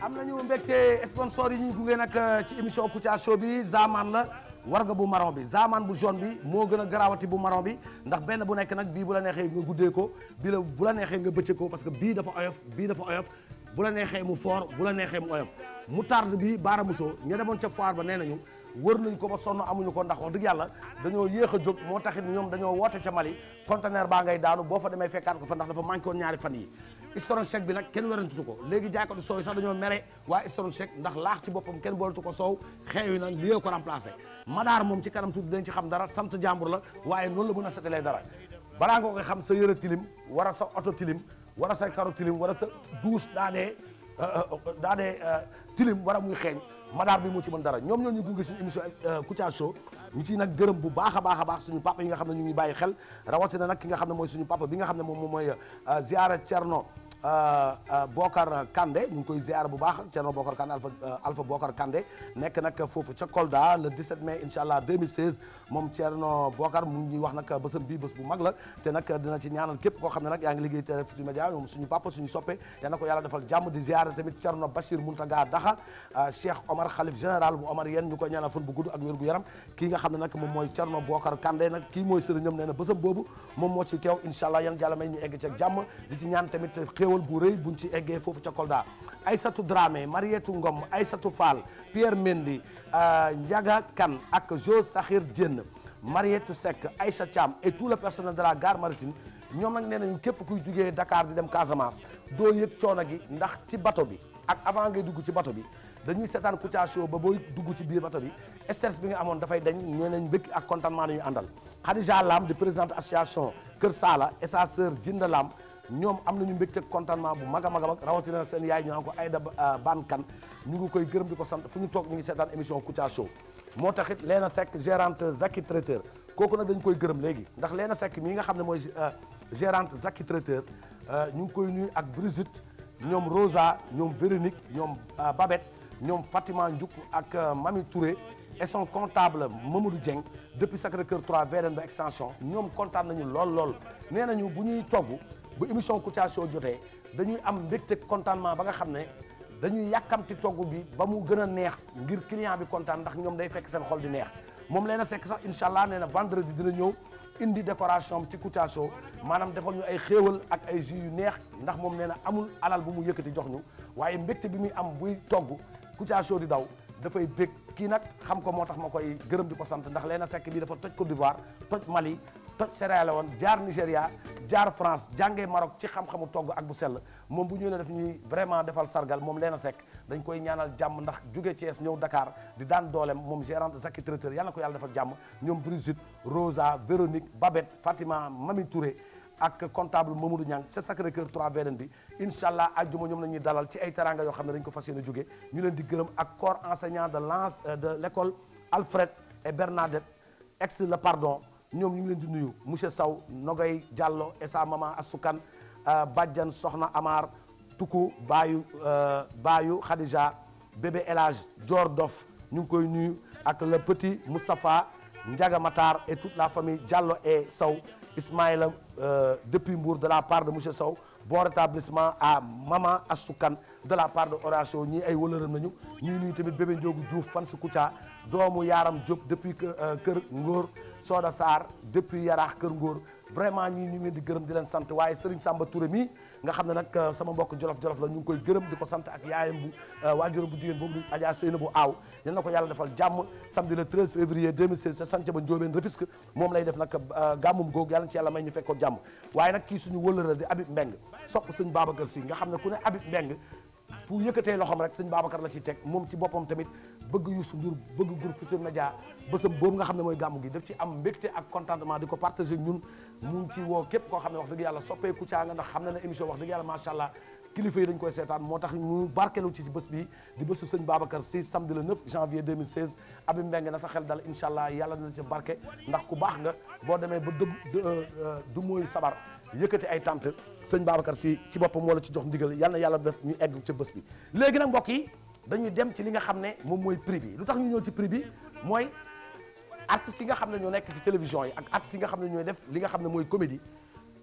am nañu mbégte sponsor yi ñu gunge nag eh, ci émission ci Show bi Zaman la warga bu marron bi Zaman bu jaune bi moo gën a garawati bu maro bi ndax benn bu nekk nag bii bu la neexee nga guddee ko bii la bu la neexee nga bëccëg ko parce que bii dafa oyof bii dafa oyof bu la neexee mu fort bu la neexee mu oyof moutarde bi baara musoo ña demoon ca foire ba nee nañu wër nañ ko ba sonn amuñu ko ndax wax dëgg yàlla dañoo yéex a jóg moo taxit ñoom dañoo woote ca Mali conteneur baa ngay daanu boo fa demee fekkaat ko fa ndax dafa manqué ñaari fan yi Historone Cheikh bi nag kenn werantutu ko léegi jaaykatu soow yi sax dañoo mere waa Historone Cheikh ndax laax ci boppam kenn boolatu ko soow xeew yi nag lii ko remplacé madaar moom ci kanam tuuti dañ ci xam dara sant jàmbur la waaye noonu la mën a seetalee dara balaa nga koy xam sa yëre tilim wara sa oto tilim wara sa karo tilim wara sa douche daa dee euh, euh, daa dee euh, tilim wara muy xeeñ madaar bi moo ci mën dara ñoom ñoo ñu gunge suñu émission Kouthia Show ñu ciy nag gërëm bu baax a baax a baax suñu papa yi nga xam ne ñu ngi bàyyi xel rawatina nag ki nga xam ne mooy suñu papa bi nga xam ne moom mooy ziara Thierno Euh, euh, Bokar Kande ñu ngi koy ziar bu baax Thierno Bokar Kande Alpha euh, Alpha Bokar Kande nekk nag foofu ca Kolda le 17 mai incha allah 2016 moom Thierno Bokar mu ngi wax nag bésam bii bés la te nag képp koo xam ne nag yaa ngi liggéey Télé Futurs Médias moom suñu papa defal jàmm di ziar tamit Thierno Bachir Mountaga Daxa Cheikh Omar xalif général bu Bokar Kande nag kii mooy sëriñam nee na bésam boobu moom moo ci teew incha allah yan yàlla may ñu egg ca jàmm di ci ñaan tamit xéwal bu rëy buñ ci eggee foofu ca Kolda Aysatu Dramé Marietu Ngom Aysatu Fall Pierre Mendy euh, Ndiaga kan ak Jo Sakhir Dieng Marietu Seck Aïcha Thiam et tout le personnel de la gare maritime ñoom nag nee nañu képp kuy jugee dakaar di dem Casamance doo yëg coono gi ndax ci bato bi ak avant ngay dugg ci bato bi dañuy seetaan Kouthia Show ba booy dugg ci biir bato bi stress bi nga amoon dafay dañ ñoo nañ bëgg ak contentement nañu àndal Khadija Lam di présidente association Sala et sa sœur Jinda Lam ñoom am nañu mbégte contentement bu mag a mag a rawatina seen yaay ñu naan ko Aïda euh, Ban Kan ñu ngi koy gërëm di ko sant fu ñu toog ñu ngi seetaan émission Kouthia Show moo taxit Léna Seck gérante Zaki Traiteur kooku nag dañ koy gërëm léegi ndax Léna Seck mii nga xam ne mooy euh, gérante Zaki Traiteur euh, ñu ngi koy nuyu ak Brigitte ñoom Rosa ñoom Véronique ñoom babet ñoom Fatima Ndiouk ak Mami Touré et son comptable Mamadou Dieng depuis Sacré-Cœur 3 VDN ba extension ñoom kontaan nañu lool lool nee nañu bu ñuy togg bu émission Kouthia Show jotee dañuy am mbégte contentement ba nga xam ne dañuy yàkkamti togg bi ba mu gën a neex ngir client bi kontaan ndax ñoom day fekk seen xol di neex moom leen a sekk sax incha allah nee na vendredi dina ñëw indi décoration am ci Kouthia Show maanaam defal ñu ay xéewal ak ay jus yu neex ndax moom nee na amul alal bu mu yëkkati jox ñu waaye mbégte bi muy am buy togg Kouthia di daw kii nag xam ko moo tax ma koy gërëm di ko sant ndax Léna sekk bi dafa toj Côte d'Ivoire toj Mali toj Sierra woon jaar Nigéria jaar France jàngee Maroc ci xam-xamu togg ak bu sell moom bu ñu ne def ñuy vraiment defal sargal moom Léna Seck dañ koy ñaanal jàmm ndax jóge Thiès ñëw Dakar di daan dooleem moom gérante Zaki traiteur yàlla na ko yàlla defal jàmm ñoom Brigitte Rosa Véronique Babette Fatima Mami Touré ak comptable Mamadou Niang ca Sacré-Cœur 3 VDN bi incha allah ajjuma ñoom la ñuy dalal ci ay teranga yoo xam ne dañ ko fas yéene jóge ñu leen di gërëm ak corps enseignant de l' euh, de l' école Alfred et Bernadette ex le pardon ñoom ñu ngi leen di nuyu monsieur Sow Nogoy Diallo et sa maman Asukan euh, Badiane Soxna Amar Tuku Bayu euh, Bayu Khadija bébé Elage Dior Dof ñu ngi koy nuyu ak le petit Moustapha Ndiaga Matar et toute la famille Diallo e saw Ismaïla euh, depuis Mbour de la part de monsieur Sow bon rétablissement à maman Assoukan de la part de Horatio ñii ay wëlëram nañu ñuy nuyu tamit bébé Ndiogou Diouf fan si Kouthia doomu Yaram Diop depuis euh, Kër Ngor Soda saar depuis Yaraax Kër Ngor vraiment ñii ñu ngi leen di gërëm di leen sant waaye Serigne sàmba Touré mii nga xam ne nag euh, sama mbokk jolof-jolof la ñu ngi koy gërëm di ko sant ak yaayam bu euh, waajuram bu jigéen boobu di Adja Seynabou Aw yal na ko yàlla defal jàmm samedi le 13 février 2016 sa sanc ba Njóobeen Rufisque moom lay def nag euh, gàmmum googu yàlla ci yàlla may ñu fekk ko waaye nag kii suñu wëlëral di Habib Mbeng sopp sëñ Babacar Si nga xam ne ku ne Habib Mbeng pour yëkkatee loxoom rek sëñ Babacar la ci teg moom ci boppam tamit bëgg Youssou Ndour bëgg groupe Futurs Médias bésam boobu nga xam ne mooy gàmmu gi daf ci am mbégte ak contentement di ko partagé ñun mu ngi ci woo képp koo xam ne wax dëgg yàlla soppee Kouthia nga ndax xam na ne émission wax dëgg yàlla macha allah kilifa yi dañ koy seetaan moo tax ñu barkelu ci bés bi di bésu sëñ Babacar si samedi le 9 janvier 2016 abi mbeng na sa xel dal incha allah yàlla na ci barke ndax ku baax boo demee ba dë euh, euh, du mooy sabar yëkkati ay tànt sëñ Babacar si ci boppam moo la ci jox ndigal yal na yàlla def ñu egg ca bés bi léegi nag mbokk yi dañuy dem ci li nga xam ne moom mooy prix bi lu tax ñu ñëw ci prix bi mooy artistes yi nga xam ne ñoo nekk ci télévision yi ak artistes yi nga xam ne ñooy def li nga xam ne mooy comédie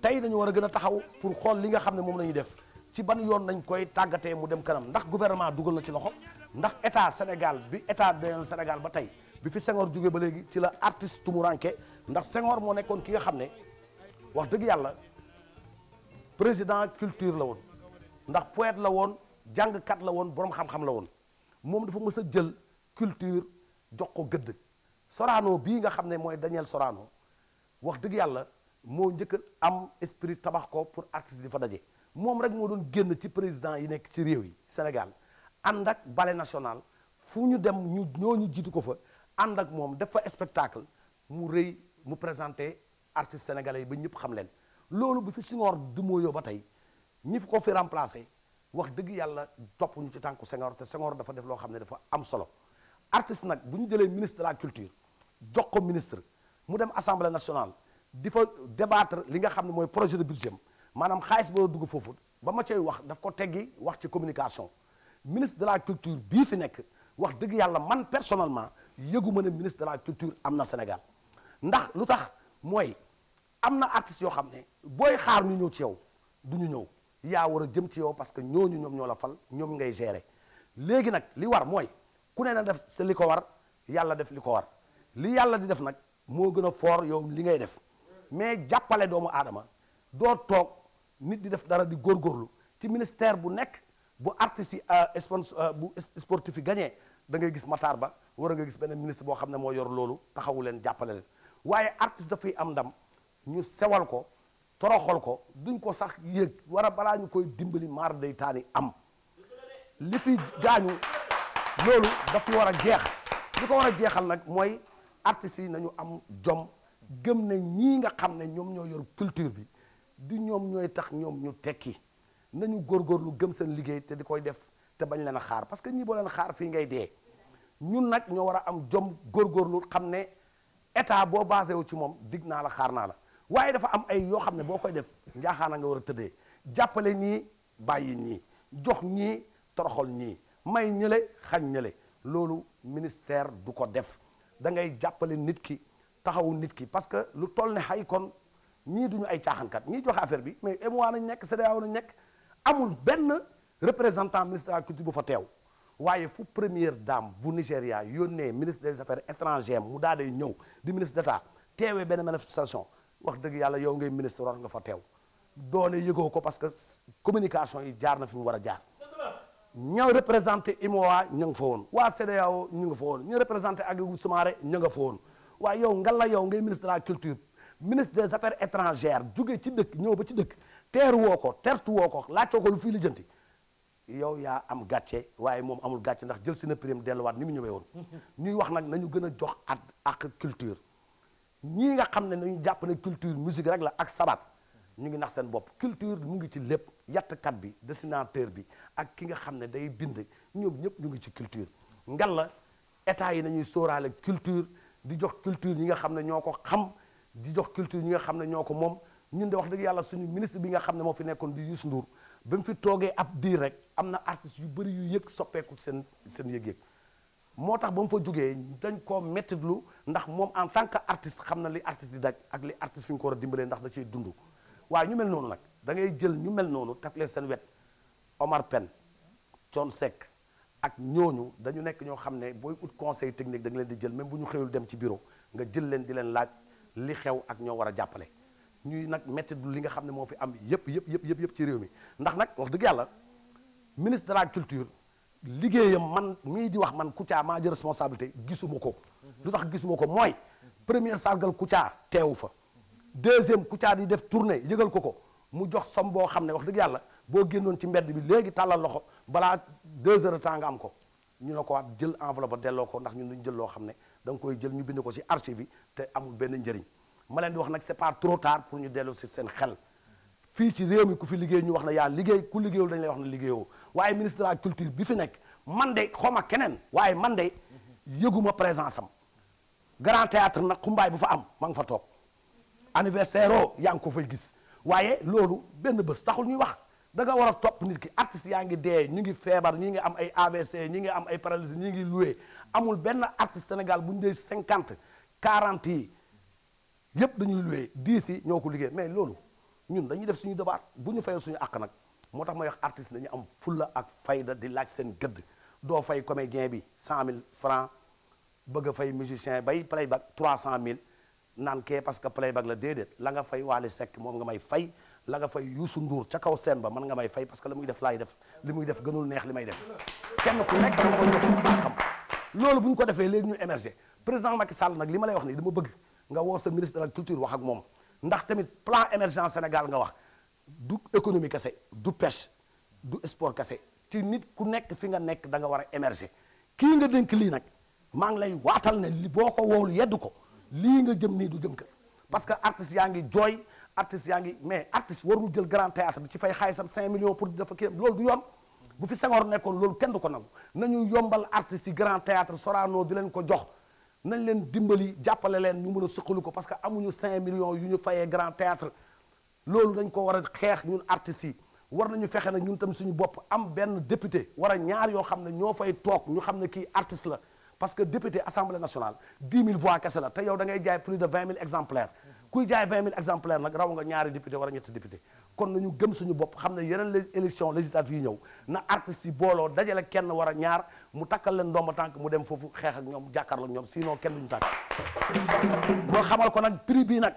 tey dañu war a gën a taxaw pour xool li nga xam ne moom la ñuy def ci ban yoon nañ koy tàggatee mu dem kanam ndax gouvernement dugal na ci loxo ndax état Sénégal bi état del Sénégal ba tey bi fi Senghor jógee ba léegi ci la artiste tumuranke ndax Senghor moo nekkoon ki nga xam ne wax dëgg yàlla président culture la woon ndax poète la woon jàngkat la woon borom xam-xam la woon moom dafa mës a jël culture jox ko gëdd soraano bii nga xam ne mooy danielle Sorano wax dëgg yàlla moo njëkk am esprit tabax ko pour artiste di fa daje moom rek moo doon génn ci président yi nekk ci réew yi Sénégal ànd ak ballet national fu ñu dem ñu ñoo ñu jiitu ko fa ànd ak moom def fa spectacle mu rëy mu présenter artiste sénégalais yi ba ñëpp xam leen loolu bu fi Senghor du mooyoo ba tey ñi fi ko fi remplacé wax dëgg yàlla topp ñu ci tànku Senghor te Senghor dafa def loo xam ne dafa am solo artiste nag bu ñu jëlee ministre de la culture jox ko ministre mu dem assemblée nationale di fa débattre li nga xam ne mooy projet de budget maanaam xaalis boo dugg foofu ba ma cay wax daf ko teggi wax ci communication ministre de la culture bii fi nekk wax dëgg yàlla man personnellement yëgu ma ne ministre de la culture am na Sénégal ndax lu tax mooy am na artistes yoo xam ne booy xaar ñu ñëw ci yow du ñu ñëw yaa war a jëm ci yow parce que ñooñu ñoom ñoo la fal ñoom ngay gérer léegi nag li war mooy ku ne na def sa li ko war yàlla def li ko war li yàlla di def nag moo gën a foor yow li ngay def mais jàppale doomu aadama doo toog nit di def dara di góorgóorlu ti ministère bu nekk bu artistes yi euh, sponsor euh, bu sportif yi gagné da ngay gis Matar Ba war a nga gis benn ministre boo xam ne moo yor loolu taxawu leen jàppale leen waaye artiste dafay am ndam ñu sewal ko toroxal ko duñ ko sax yéeg war a balaa ñu koy dimbali maar day taani am li fi gaañu loolu daf war a jeex li ko war a jeexal nag mooy artistes yi nañu am jom gëm ne ñii nga xam ne ñoom ñoo yor culture bi du ñoom ñooy tax ñoom ñu tekki góor góorgóorlu gëm seen liggéey te di koy def te bañ leen a xaar parce que ñii boo leen xaar fii ngay dee ñun nag ñoo war a am jom góorgóorlu xam ne état boo basé wu ci moom dig naa la xaar naa la waaye dafa am ay yoo xam ne boo koy def njaaxaana nga war a tëddee jàppale ñii bàyyi nii jox ñii toroxal nii may ñële xañ ñële loolu ministère du ko def dangay jàppale nit ki taxawu nit ki parce que lu toll ne xay kon ñii duñu ay caaxaankat ñii joxe affaire bi mais MOA nañ nekk CEDEAO nañ nekk amul benn représentant ministre de bu fa teew waaye fu première daam bu Nigéria yónnee ministre des affaires étrangères mu daal di ñëw di ministre d'état teewee benn manifestation wax dëgg yàlla yow ngay ministre war nga fa teew doone yëgoo ko parce que communication yi jaar na fi mu war a jaar ña représenté IMOA ña nga fa woon waa CEDEAO ñu nga fa woon ña représenté Hadjibou Soumaré ña nga fa woon waaye yow nga la yow ngay ministre de la culture ministre des affaires étrangères jóge ci dëkk ñëw ba ci dëkk teer woo ko tertu woo ko laajtoo ko lu fii lijjanti yow yaa am gàcce waaye moom amul gàcce ndax jël si na prime delluwaat ni mu ñëwee woon [laughs] ñuy wax nag nañu gën a jox at ak culture ñii nga xam ne nañu jàpp ne culture musique rek la ak sabat ñu ngi nax seen bopp culture mu ngi ci lépp yattkat bi dessinateur bi ak ki nga xam ne day bind ñëpp ñu ngi ci culture ngal la état yi nañuy sóoraale culture di jox culture ñi nga xam ne ñoo ko xam di jox culture ñi nga xam ne ñoo ko moom ñun de wax dëgg yàlla suñu ministre bi nga xam ne moo fi nekkoon di Youssou Ndour ba mu fi toogee ab diir rek am na artistes yu bëri yu yëg soppeeku seen seen yëg-yëg moo tax ba mu fa jógee dañ koo mettitlu ndax moom en tant que artiste xam na li artiste di daj ak li artiste fi ñu ko war a dimbalee ndax da ciy dund waaye ñu mel noonu nag da ngay jël ñu mel noonu taf leen seen wet Omar Pène Thione Seck ak ñooñu dañu nekk ñoo xam ne booy ut conseil technique da leen di jël même bu ñu xëyul dem ci bureau nga jël leen di leen laaj li xew ak ñoo war a jàppale ñuy nag mettitlu li nga xam ne moo fi am yëpp yëpp yëpp yëpp yëpp ci réew mi ndax nag wax dëgg yàlla ministre de la culture liggéeyam man mii di wax man Kouthia maa jël responsabilité gisuma ko lu tax gisuma ko mooy première sargal Kouthia teewu fa deuxième Kouthia di def tournée yëgal ko ko mu jox som boo xam ne wax dëgg yàlla boo génnoon ci mbedd bi léegi tàllal loxo balaa deux heures de temps nga am ko ñu ne ko waat jël enveloppe delloo ko ndax ñun duñ jël loo xam ne dang koy jël ñu bind ko si archive bi te amul benn njëriñ ma leen di wax nag c'est pas trop tard pour ñu dellu ci seen xel fii ci réew mi ku fi liggéey ñu wax na yaa liggéey ku liggéeyul dañ lay wax na waaye ministre de la culture bi fi nekk man de xoma keneen waaye man de yëguma présence am grand théâtre nag xumbaay bu fa am ma nga fa toog anniversaire oo yaa ngi ko fay gis waaye loolu benn bés taxul ñuy wax da nga war a topp nit ki artistes yaa ngi dee ñu ngi feebar ñi ngi am ay AVC ñi ngi am ay paralysie ñi ngi loué amul benn artiste Sénégal bu ñu dee cinquante quarante yi yépp dañuy loué dix yi ñoo ko liggéey mais loolu ñun dañuy def suñu devoir bu ñu fayee suñu àq nag moo tax ma wax artiste dañu am fulla ak fayda di laaj seen gëdd doo fay comédien bi cent mille francs bëgg a fay musicien bay bag trois cent mille nan kee parce que bag la déedéet la nga fay Wally Seck moom nga may fay la nga fay Youssou Ndour ca kaw seen ba man nga may fay parce que li muy def laay def li muy def gënul neex li may def kenn ku nekk dama koy jox xam loolu bu ñu ko defee léegi ñu émerger président Macky Sall nag li ma lay wax nii dama bëgg nga woo sa ministre de culture wax ak moom ndax tamit plan émergent Sénégal nga wax du économie kase du peche du sport kase ci nit ku nekk fi nga nekk da nga war a émerger kii nga dénk lii nag maa ngi lay waatal ne li boo ko woolu yeddu ko lii nga jëm nii du jëm kër parce que artistes yaa ngi jooy artistes yaa ngi mais war warul jël grand théâtre di ci fay xaalisam 5 millions pour dafa kii loolu du yoon bu fi Senghor nekkoon loolu kenn du ko nangu nañu yombal artistes yi grand théâtre soraanoo di leen ko jox nañ leen dimbali jàppale leen ñu mën a suqali ko parce que amuñu 5 millions yu ñu fayee grand théâtre loolu dañ ko war a xeex ñun artistes yi war ñu fexe nag ñun tamit suñu bopp am benn député war a ñaar yoo xam ne ñoo fay toog ñu xam ne kii artiste la parce que député assemblée nationale 10 000 voix kese la te yow da ngay jaay plus de 20 000 exemplaires. kuy jaay 20000 exemplaires nag raw nga ñaari député wala ñetti député kon nañu gëm suñu bopp xam ne yeneen élection législative yi ñëw na artistes yi booloo dajale kenn war a ñaar mu takkal leen ndomba tànk mu dem foofu xeex ak ñoom jàkkaarloo ak ñoom sinon kenn ñu tàkk boo xamal ko nag prix bii nag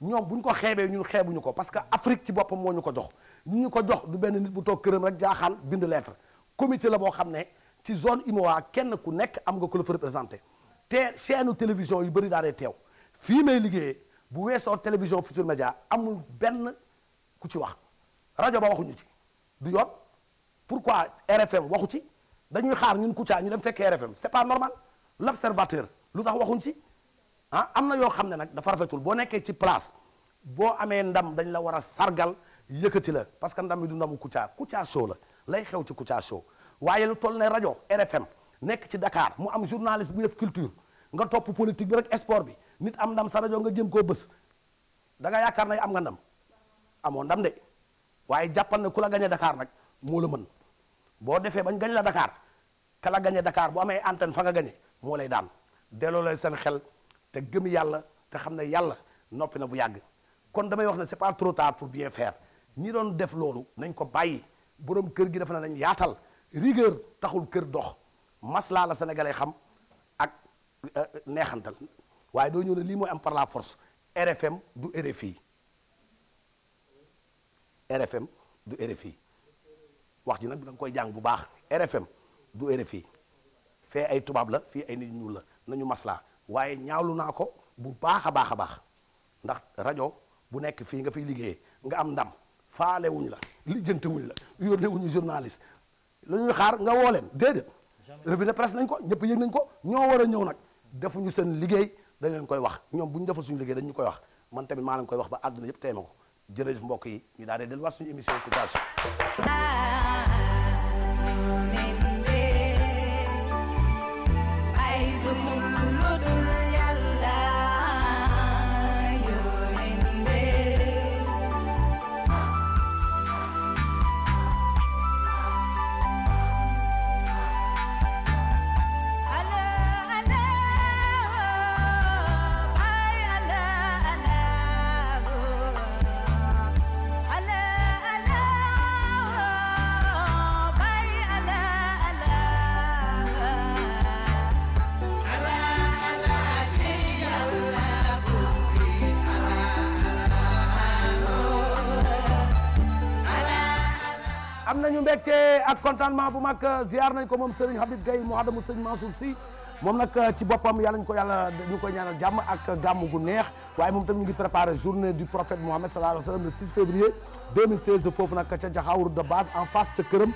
ñoom buñ ko xeebee ñun xeebuñu ko parce que Afrique ci boppam moo ñu ko jox ñu ñu ko jox du benn nit bu toog këram rek jaaxaan bind lettre comité la boo xam ne ci zone UMOA kenn ku nekk am nga ko la fa représenté te chaîne télévision yu bëri daal teew fii may liggéeyee bu weesoo télévision Futur Média amul benn ku ci wax rajo ba waxuñu ci du yoon pourquoi RFM waxu ci dañuy xaar ñun Kouthia ñu dem fekk RFM c'est pas normal l'observateur lu tax waxuñ ci ah am na yoo xam ne nag dafa rafetul boo nekkee ci place boo amee ndam dañ la war a sargal yëkkati la parce que ndam yi du ndamu Kouthia Kouthia show la lay xew ci Kouthia show waaye lu toll ne rajo RFM nekk ci dakaar mu am journaliste bu def culture nga topp politique bi rek bi nit am ndam sa rajo nga jëm koo bës da nga yaakaar na am nga ndam amoo ndam de waaye jàppal na ku la gañe dakaar nag moo la mën boo defee bañ gañ la dakaar ka la gañe dakaar bu amee antenne fa nga gañe moo lay daan delloo lay seen xel te gëm yàlla te xam ne yàlla noppi na bu yàgg kon damay wax ne c'est pas trop tard pour bien faire ñi doon def loolu nañ ko bàyyi borom kër gi dafa na nañ yaatal rigueur taxul kër dox maslaa la sénégalais xam ak euh, neexantal waaye doo ñëw ne lii mooy am par la force RFM du RFI RFM du RFI wax ji nag da nga koy jàng bu baax RFM du RFI fee ay tubaab la fii ay nit ñuul la nañu maslaa waaye ñaawlu naa ko bu baax a baax a baax ndax rajo bu nekk fii nga fiy liggéeyee nga am ndam faale wuñ la lijjante wuñ la yónnee wuñu journaliste lu ñuy xaar nga woo leen déedéet revue de nañ ko ñëpp yëg nañ ko ñoo war a ñëw nag defuñu seen liggéey dañ leen koy wax ñoom bu ñu defal suñu liggéey dañ ñu koy wax man tamit maa leen koy wax ba àdduna yëpp teema ko jërëjëf mbokk yi ñu daal di delluwaat suñu émission Kouthia Show mbégte ak contentement bu mag ziar nañ ko moom Serigne Habib Gueye Mouhadamu Serigne Mansour si moom nag ci boppam yàlla ñu ko yàlla ñu ko ñaanal jàmm ak gàmm gu neex waaye moom tam ñu ngi préparé journée du prophète Mohammed sallallahu alayhi wa sallam le 6 février 2016 foofu nag ca jaxawur de base en face ca këram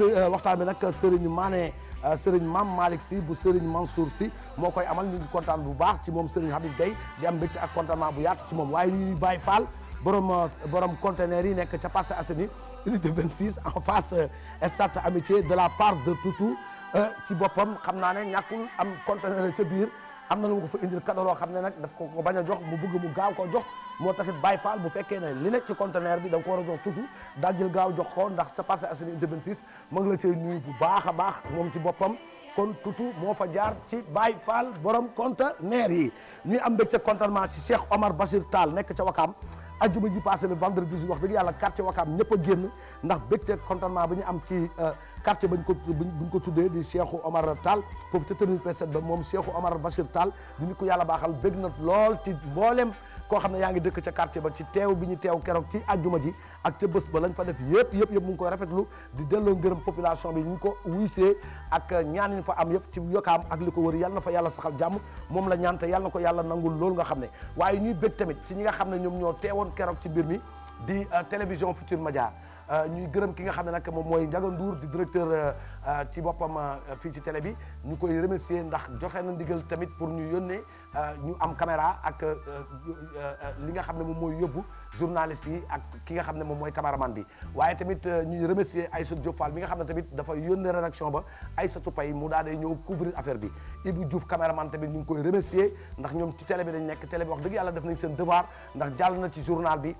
euh, waxtaan bi nag Serigne Mané euh, Serigne Mame Malick Sy bu Serigne Mansour si moo koy amal ñu ngi kontaan bu baax ci moom Serigne Habib gay di am mbégte ak contentement bu yaatu ci moom waaye ñuy bàyyi Fall borom euh, borom conteneur yi nekk ca Parcelles Assainies unité 26 en face euh, stade amitié de la part de Toutou euh, ci boppam xam naa ne ñàkkul am conteneur ca biir am na lu mu ko fa indil cadeau loo xam ne nag daf ko ko bañ a jox mu bëgg mu gaaw koo jox moo taxit Baye Fall bu fekkee ne li nekk ci conteneur bi da nga ko war a jox Toutou daal jël gaaw jox ko ndax sa Parcelles Assainies unité 26 ma ngi la cay nuyu bu baax a baax moom ci boppam. kon tutu moo fa jaar ci Baye Fall borom conteneur yi ñuy am mbégte conteneur ci Cheikh Omar Bachir Tall nekk ca Wakaam ajjuma ji passé le vendredi wax dëgg yàlla quartier Wakaam ñëpp a génn ndax bégte contentement bi ñu am ci euh, quartier bañ ko buñ tuddee di Cheikhou Omar Tall foofu ca tenue p moom Cheikhou Omar Bachir Tall di nit ku yàlla baaxal bég na lool ci mbooleem koo xam ne yaa ngi dëkk ca quartier ba ci teew bi ñu teew keroog ci àjjuma ji ak ca bés ba lañ fa def yëpp yëpp yëpp mu ngi koy rafetlu di delloo ngërëm population bi ñu ko wuysee ak ñaan ñu fa am yëpp ci yokkaam ak li ko wër yàlla na fa yàlla saxal jàmm moom la ñaan yàlla ko yàlla nangul loolu nga xam ne waaye ñuy bëgg ci ñi nga xam ne ñoom ñoo teewoon keroog ci mbir di euh, télévision Futur Media euh, ñuy gërëm ki nga xam ne nag moom mooy Ndiaga di directeur euh, ci boppam fii ci télé bi ñu koy remercier ndax joxe na ndigal tamit pour ñu yónnee Euh, ñu am caméra ak euh, euh, li nga xam ne moom mooy yóbbu journaliste yi ak ki nga xam ne moom mooy cameraman bi waaye tamit ñu remercier Aïssatou Diop Fall mi nga xam ne tamit dafa yónnee rédaction ba Aïssatou Paye mu daal day ñëw couvrir affaire bi Ibou Diouf man tamit ñu ngi koy remercier ndax ñoom ci télé bi dañ nekk télé bi wax dëgg yàlla def nañ seen devoir ndax jàll na ci journal bi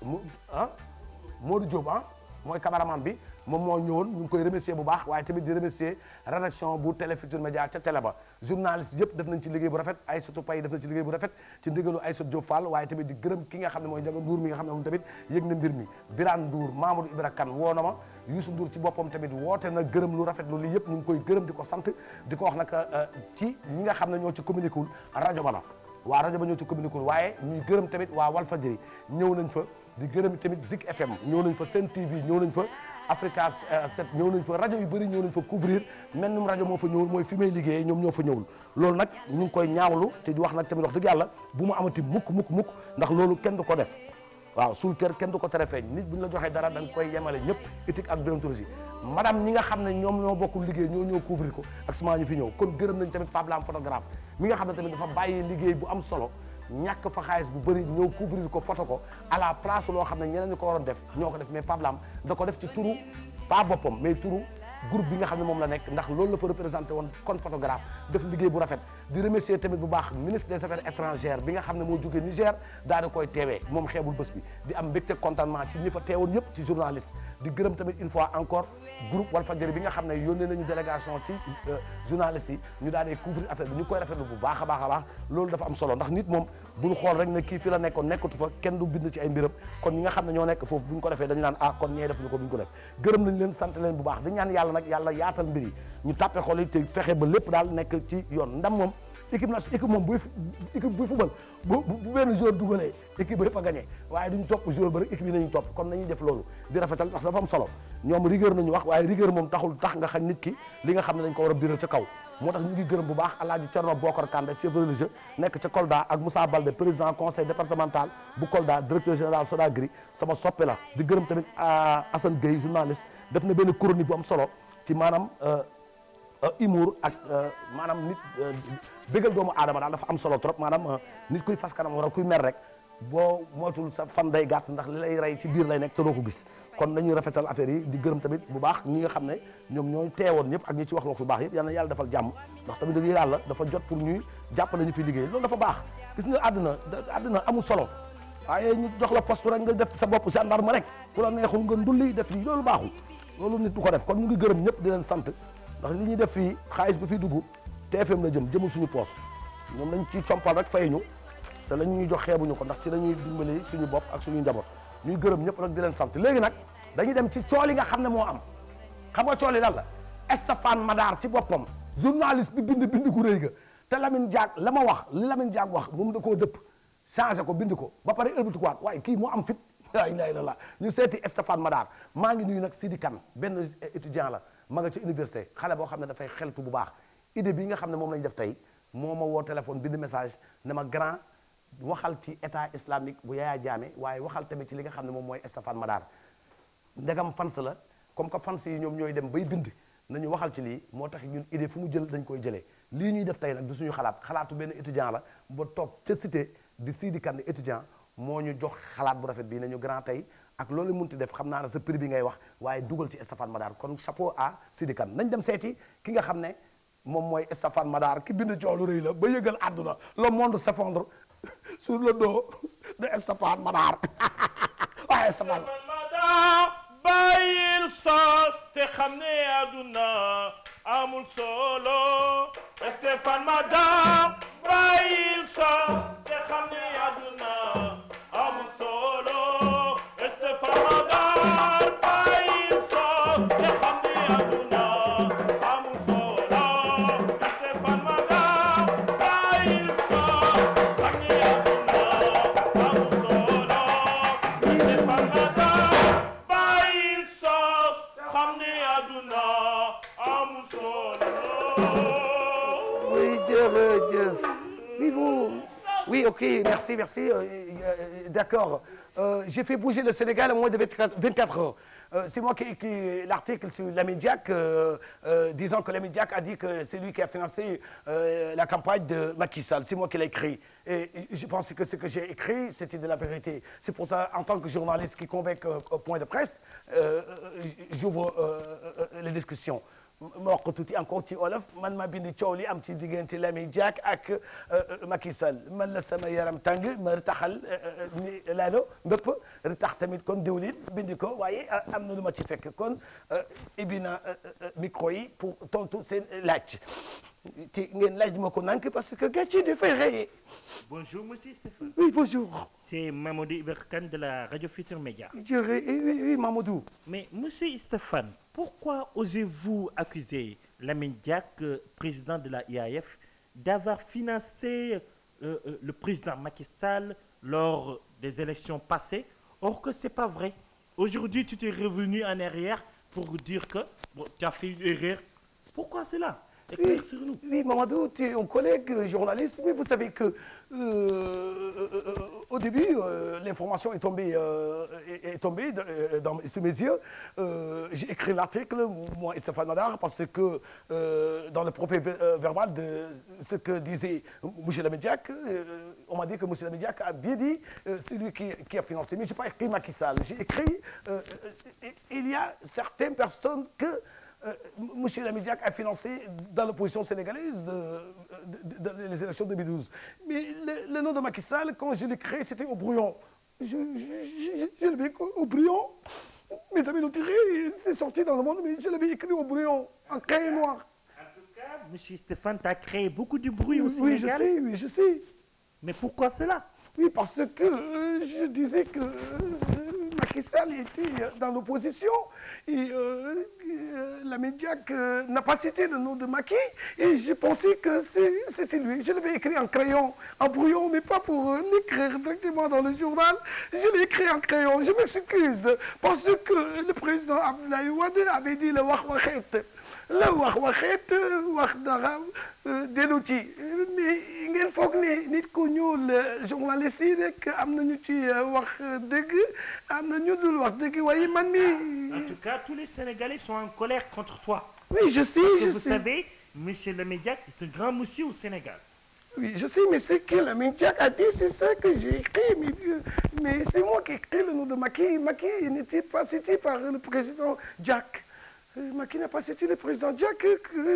mu ah Modou ah. mooy cameraman bi moom moo ñëwoon ñu ngi koy remercier bu baax waaye tamit di remercier rédaction bu Télé Futur Média ca télé ba journaliste yëpp def nañ ci liggéey bu rafet Aïssatou Paye def nañ ci liggéey bu rafet ci ndigalu Aïssatou Diop Fall waaye tamit di gërëm ki nga xam ne mooy Ndiaga Ndour mi nga xam ne moom tamit yëg na mbir mi Birane Ndour Mamadou Ibra Kane woo na ma Youssou Ndour ci boppam tamit woote na gërëm lu rafet lu li yëpp ñu ngi koy gërëm di ko sant di ko wax nag euh, ci ñi nga xam ne ñoo ci communiqué wul rajo ba la waa rajo ba ñoo ci communiqué wul waaye ñuy gërëm tamit waa Walfadjri ñëw nañ fa di gërëm tamit Zik FM ñëw nañ fa Sen TV ñëw nañ fa Africa 7 euh, ñëw nañ fa rajo yi bari ñëw nañ fa couvrir mel num rajo moo fa ñëwul mooy fi may liggéeyee ñoom ñoo fa ñëwul loolu nag ñu koy ñaawlu te di wax nag tamit wax dëgg yàlla bu mu amati mukk mukk mukk ndax loolu kenn du ko def waaw suul kër kenn du ko tere feeñ nit bu ñu la joxee dara danga koy yemale ñëpp éthique ak déontologie madame ñi nga xam ne ñoom ñoo bokkul liggéey ñoo ñëw couvrir ko ak semence ñu fi ñëw kon gërëm nañ tamit Pape Lam photographe mi nga xam ne tamit dafa bàyyi liggéey bu am ñàkk fa xaalis bu bëri ñëw couvrir ko photo ko à la place loo xam ne ñeneen ñi ko waroon def ñoo ko def mais Pape Lam da ko def ci turu pas boppam mais turu group bi nga xam ne moom la nekk ndax loolu la fa représenté woon kon photographe def liggéey bu rafet di remercier tamit bu baax ministre des affaires étrangères bi nga xam ne moo jógee Niger daal di koy teewee moom xeebul bés bi di am mbégte contentement ci ñi fa teewoon yëpp ci journaliste di gërëm tamit une fois encore groupe Walfadjri bi nga xam ne yónnee nañu délégation ci euh, journaliste yi ñu daal di couvrir affaire bi ñu koy rafetlu bu baax a baax a loolu dafa am nit moom bu bul xool rek ne kii fi la nekkoon nekkatu fa kenn du bind ci ay mbiram kon ñi nga xam ne ñoo nekk foofu bu ñu ko defee dañu naan ah kon ñee def ñu ko bu ñu ko def gërëm nañ leen sant fexe ba lépp daal nekk ci yoon ndam moom équipe na équipe moom buy équipe buy fubal bu bu benn joueur dugalee équipe ba yëpp a gagné waaye def loolu di rafetal ndax dafa am solo ñoom rigueur nañu wax waaye rigueur moom taxul tax nga xam nit ki li nga xam ne dañ ko war a biral ca kaw moo tax ñu ngi gërëm bu baax alaaji Cerno Bokar Kande chef religieux nekk ca Kolda ak Moussa Balde président conseil départemental bu Kolda directeur général Sodagri sama soppe la di gërëm tamit euh, Assane Gueye journaliste def na benn chronique bu am solo ci maanaam euh, euh, humour ak maanaam nit bégal doomu aadama daal dafa am solo trop maanaam nit kuy fas kanam wala kuy mer rek boo moytul sa fan day gàtt ndax li lay rey ci biir lay nekk te doo ko gis kon nañuy rafetal affaire yi di gërëm tamit bu baax ñi nga xam ne ñoom ñooy teewoon ñëpp ak ñi ci wax wax bu baax yëpp yal na yàlla defal jàmm ndax tamit dëgg yàlla dafa jot pour ñuy jàppale ñu fi liggéey loolu dafa baax gis nga àddina amul solo waaye ñu jox la poste rek nga def sa bopp gendarme rek ku la neexul nga ndulli def lii loolu baaxul loolu nit du ko def kon ñu ngi gërëm ñëpp di sant ndax li ñuy def fii xaalis bi fi dugg TFM la jëm jëmul suñu poos ñoom lañ ci compal rek fay ñu te lañ ñuy jox xeebuñu ko ndax ci lañuy dimbali suñu bopp ak suñuy njaboot ñu gërëm ñëpp nag di leen sant léegi nag dañuy dem ci cool yi nga xam ne moo am xam nga cool yi lan la Stéphane Madar ci boppam journaliste bi bind bind gu rëy ga te Lamine Diack la ma wax li Lamine Diack wax moom da koo dëpp changé ko bind ko ba pare ëlbatikuwaat waaye kii moo am fit laa [laughs] ilaaha illallaah ñu seeti Stéphane Madar maa ngi nuyu nag Sidi Kane benn étudiant la ma nga ci université xale boo xam ne dafay xeltu bu baax idée bii nga xam ne moom lañ def tey moo ma woo téléphone bind message ne ma grand waxal ci état islamique bu Yaya Jammeh waaye waxal tamit ci li nga xam ne moom mooy Stéphane Madar ndegam fans la comme que fans yi ñoom ñooy dem bay bind nañu waxal ci lii moo tax ñun idée fu mu jël dañ koy jëlee lii ñuy def tey nag du suñu xalaat xalaatu benn étudiant la ba toog ca cité di Sidi Kane étudiant moo ñu jox xalaat bu rafet bii nañu grand tey ak loolu munti def xam naa ne sa prix bi ngay wax waaye dugal ci Stéphane Madar kon chapeau à Sidi Kane nañ dem seeti ki nga xam ne moom mooy Stéphane Madar ki bind joolu rëy la ba yëgal àdduna le monde s'effondre [laughs] sur le dos de Estefane Madaar [laughs] waaye Estefane bàyyil sos te xam ne àdduna amul solo Estefane Madaar bàyyil sos te xam ne kii merci merci euh, euh, d'accord euh, j'ai fait bouger Sénégal en moins de vingt quatre heures c'est moi qui ai écrit l'article sur Lamine Diack disons que de Macky Sall c'est moi qui l'ai écrit et je pense que ce que j'ai écrit c'était de la vérité c'est pourtant en de presse j'ouvre les discussions mboq tuuti encore ci olof man ma bind coow li am ci diggante Lamine Diack ak euh, Macky Sall man la sama yaram tàng ma ritaxal euh, euh, ni laalo mbëpp ritax tamit kon diwlin bindi ko waaye am na lu ma ci fekk kon ibi na micro yi pour tontu seen laaj te ngeen laaj ma ko nank parce que gàcce dafay rëy. bonjour monsieur Stéphane. oui bonjour. c'est Mamadou Ibrahima Kane de la radio Futur Média. jërëjëf oui oui Mamadou. mais monsieur Stéphane. Pourquoi osez-vous accuser Lamine Diack, euh, président de la IAF, d'avoir financé euh, euh, le président Macky Sall lors des élections passées, or que c'est pas vrai. Aujourd'hui, tu t'es revenu en arrière pour dire que bon, tu as fait une erreur. Pourquoi cela? oui, oui Mamadou tu es un collègue journaliste mais vous savez que euh, au début euh, l'information est tombée euh, est tombée dans sous mes yeux j'ai écrit l'article moi et Stéphane Nadar parce que dans le procès verbal de ce que disait monsieur Lamine Diack on m'a dit que monsieur Lamine Diack a bien dit c'est lui qui qui a financé mais j'ai pas écrit Macky Sall j'ai écrit il y a certaines personnes que Euh, monsieur Lamine Diack a financé dans l'opposition sénégalaise euh, les élections 2012 mais le, nom de Macky quand je l'ai créé c'était au brouillon je je je, au brouillon mes amis l'ont tiré c'est sorti dans le monde mais je l'avais écrit au brouillon en crayon noir. monsieur Stéphane t'as créé beaucoup de bruit au Sénégal. Mais pourquoi cela? Oui parce que euh, je disais que. Macky Sall était euh, dans l'opposition et euh, euh l'ami Diack euh, n'a pas cité le nom de Macky et j'ai pensé que c'était lui. Je l'avais écrit en crayon, en brouillon, mais pas pour l'écrire euh, directement dans le journal. Je l'ai écrit en crayon. Je m'excuse parce que le président Abdoulaye Wade avait dit le wax waxeet la wax waxeet wax dara dellu ci mais ngeen foog ne nit ku ñuul journaliste yi rek am nañu ci wax dëgg am na ñu dul wax dëgg man mii. en tout cas tous les Sénégalais sont en colère contre toi. oui je sais je sais monsieur Lamine Diack est un grand monsieur au Sénégal. oui je sais mais ce que a dit c'est ça que j'ai écrit mais c'est moi qui écrit le nom de Macky Macky n'était pas cité par le président Diack. Euh, Macky n'a pas cité le président Diack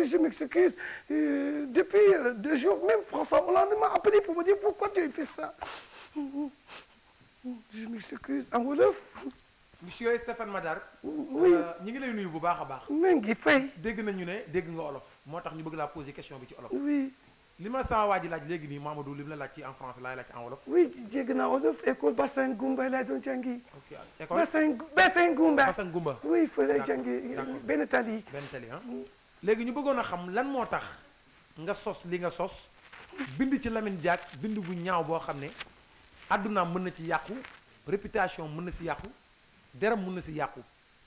je m'excuse euh, depuis euh, deux jours même François Hollande m'a appelé pourquoi tu as fait ça. je m'excuse en wolof. monsieur Stéphane Madar. oui euh, ñi ngi lay nuyu bu baax a baax. maa ngi fay. dégg nañu ne dégg nga olof moo tax ñu bëgg laa poser question bi ci olof. oui. li ma sama waa ji laaj léegi nii Mamadou li mu la laaj ci en français laay laaj en wolof. oui dégg naa wolof école Bassin Goumba laa doon jàngi. ok Bassin Bassin Bassin Goumba oui fa lay jàngi. benn tali. benn tali ah. léegi ñu bëggoon a xam lan moo tax nga sos li nga sos bind ci Lamine Diack bind bu ñaaw boo xam ne. àdduna mën na ci yàqu réputation mën na si yàqu deram mën na si yàqu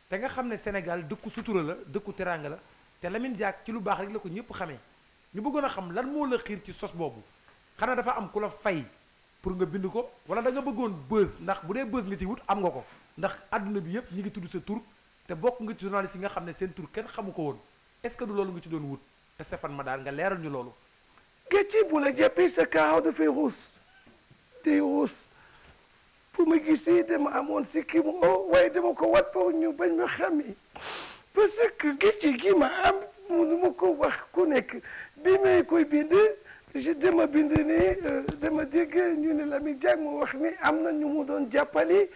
te nga xam ne Sénégal dëkku sutura la dëkku teraanga la te Lamine Diack ci lu baax rek la ko ñëpp xamee ñu bëggoon a xam lan moo la xiir ci sos boobu xanaa dafa am ku la fay pour nga bind ko wala da bëggoon buzz ndax bu dee buzz nga ci wut am nga ko ndax àdduna bi yëpp ñu ngi tudd sa tur te bokk nga ci journaliste yi nga xam ne seen tur kenn xamu ko woon est-ce que loolu nga ci doon wut Stéphane Madar nga leeral ñu loolu gécci bu la jéppi sa Deus bu ma gisee dama amoon si kii mu o waaye dama ko wat pour ñu bañ ma xami parce que gëcci gi ma am munu ma ko wax ku nekk bi may koy bind je dama bind ni euh, dama dégg ñu ne Lamine Diack mu wax ni am na ñu mu doon jàppale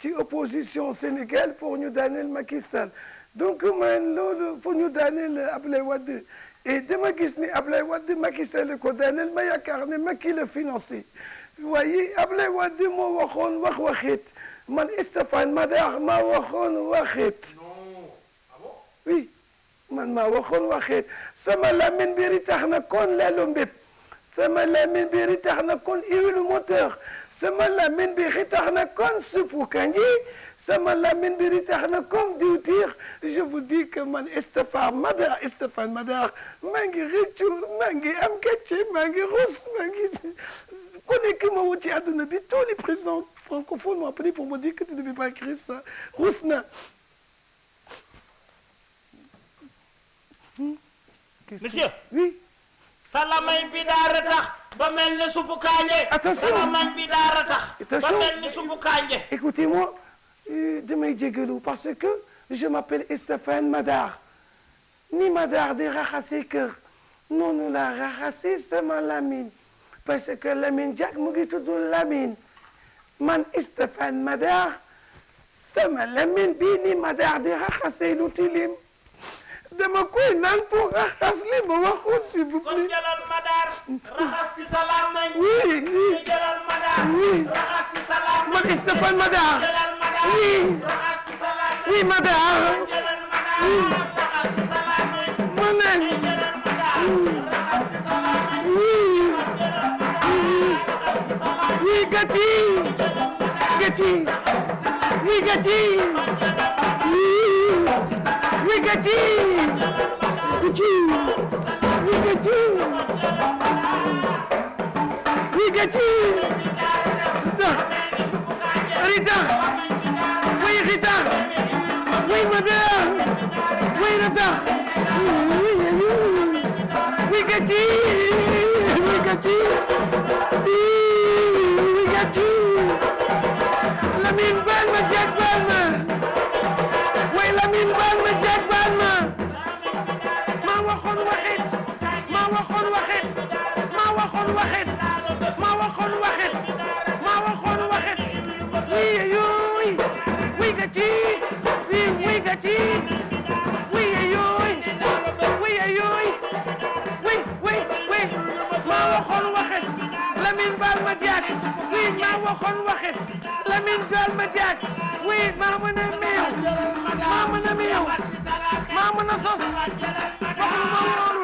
ci opposition Sénégal pour ñu daaneel Macky Sall donc man loolu pour ñu daaneel Ablaye Wade et dama gis ni Ablaye Wade Macky Sall ko daaneel ma yaakaar ne Macky la financé waaye Ablaye Wade moo waxoon wax waxit man Stéphane Madar maa waxoon waxit ah oui man maa waxoon waxit sama lamin biiri tax na kon leelu mbépp sama lamin biiri tax na kon huile moteur sama lamin biiri tax na kon suppu kanji sama na kon diwtiir je vous dis que man Stéphane Madar Stéphane Madar maa ngi rëccu maa am gàcce maa ngi rus ku nekk ma wut ci àdduna bi tous les présidents francophones m'ont appelé pour me dire que tu ne devais pas écrire ça ruus na. Hmm? monsieur. oui. salamañ bi daara tax ba mel ni suufu kanje. attention salamañ euh, parce que je m'appelle la raxase sama lamine. parce que Lamine Diack mu ngi tudd Lamine man Stéphane Madaar sama Lamine bii nii Madaar di raxasee lu tilim dama raxas li ma waxoon s'il vous plaît. kon jëlal Madaar raxas ci sa làmmiñ. oui oui man Stéphane Madaar. jëlal Madaar oui. raxas ci sa làmmiñ. oui Madaar. jëlal ni gati gati ni gati ni gati gati ni gati ni gati rita way rita way madame way rita we gati we gati Diatou Lamine baal ma Diat baal ma way Lamine baal ma Diat baal ma maa waxoon waxit maa waxoon waxit maa waxoon waxit maa waxoon waxit maa waxoon waxit wii yooy wii gati wii wii gati wii yooy wii yooy wii wii wii maa waxoon waxit Lamine baal ma la waxoon waxit Lamine Jool ma jaag oui maa mën a meew maa mën a meew maa mën a sos waxu ma woon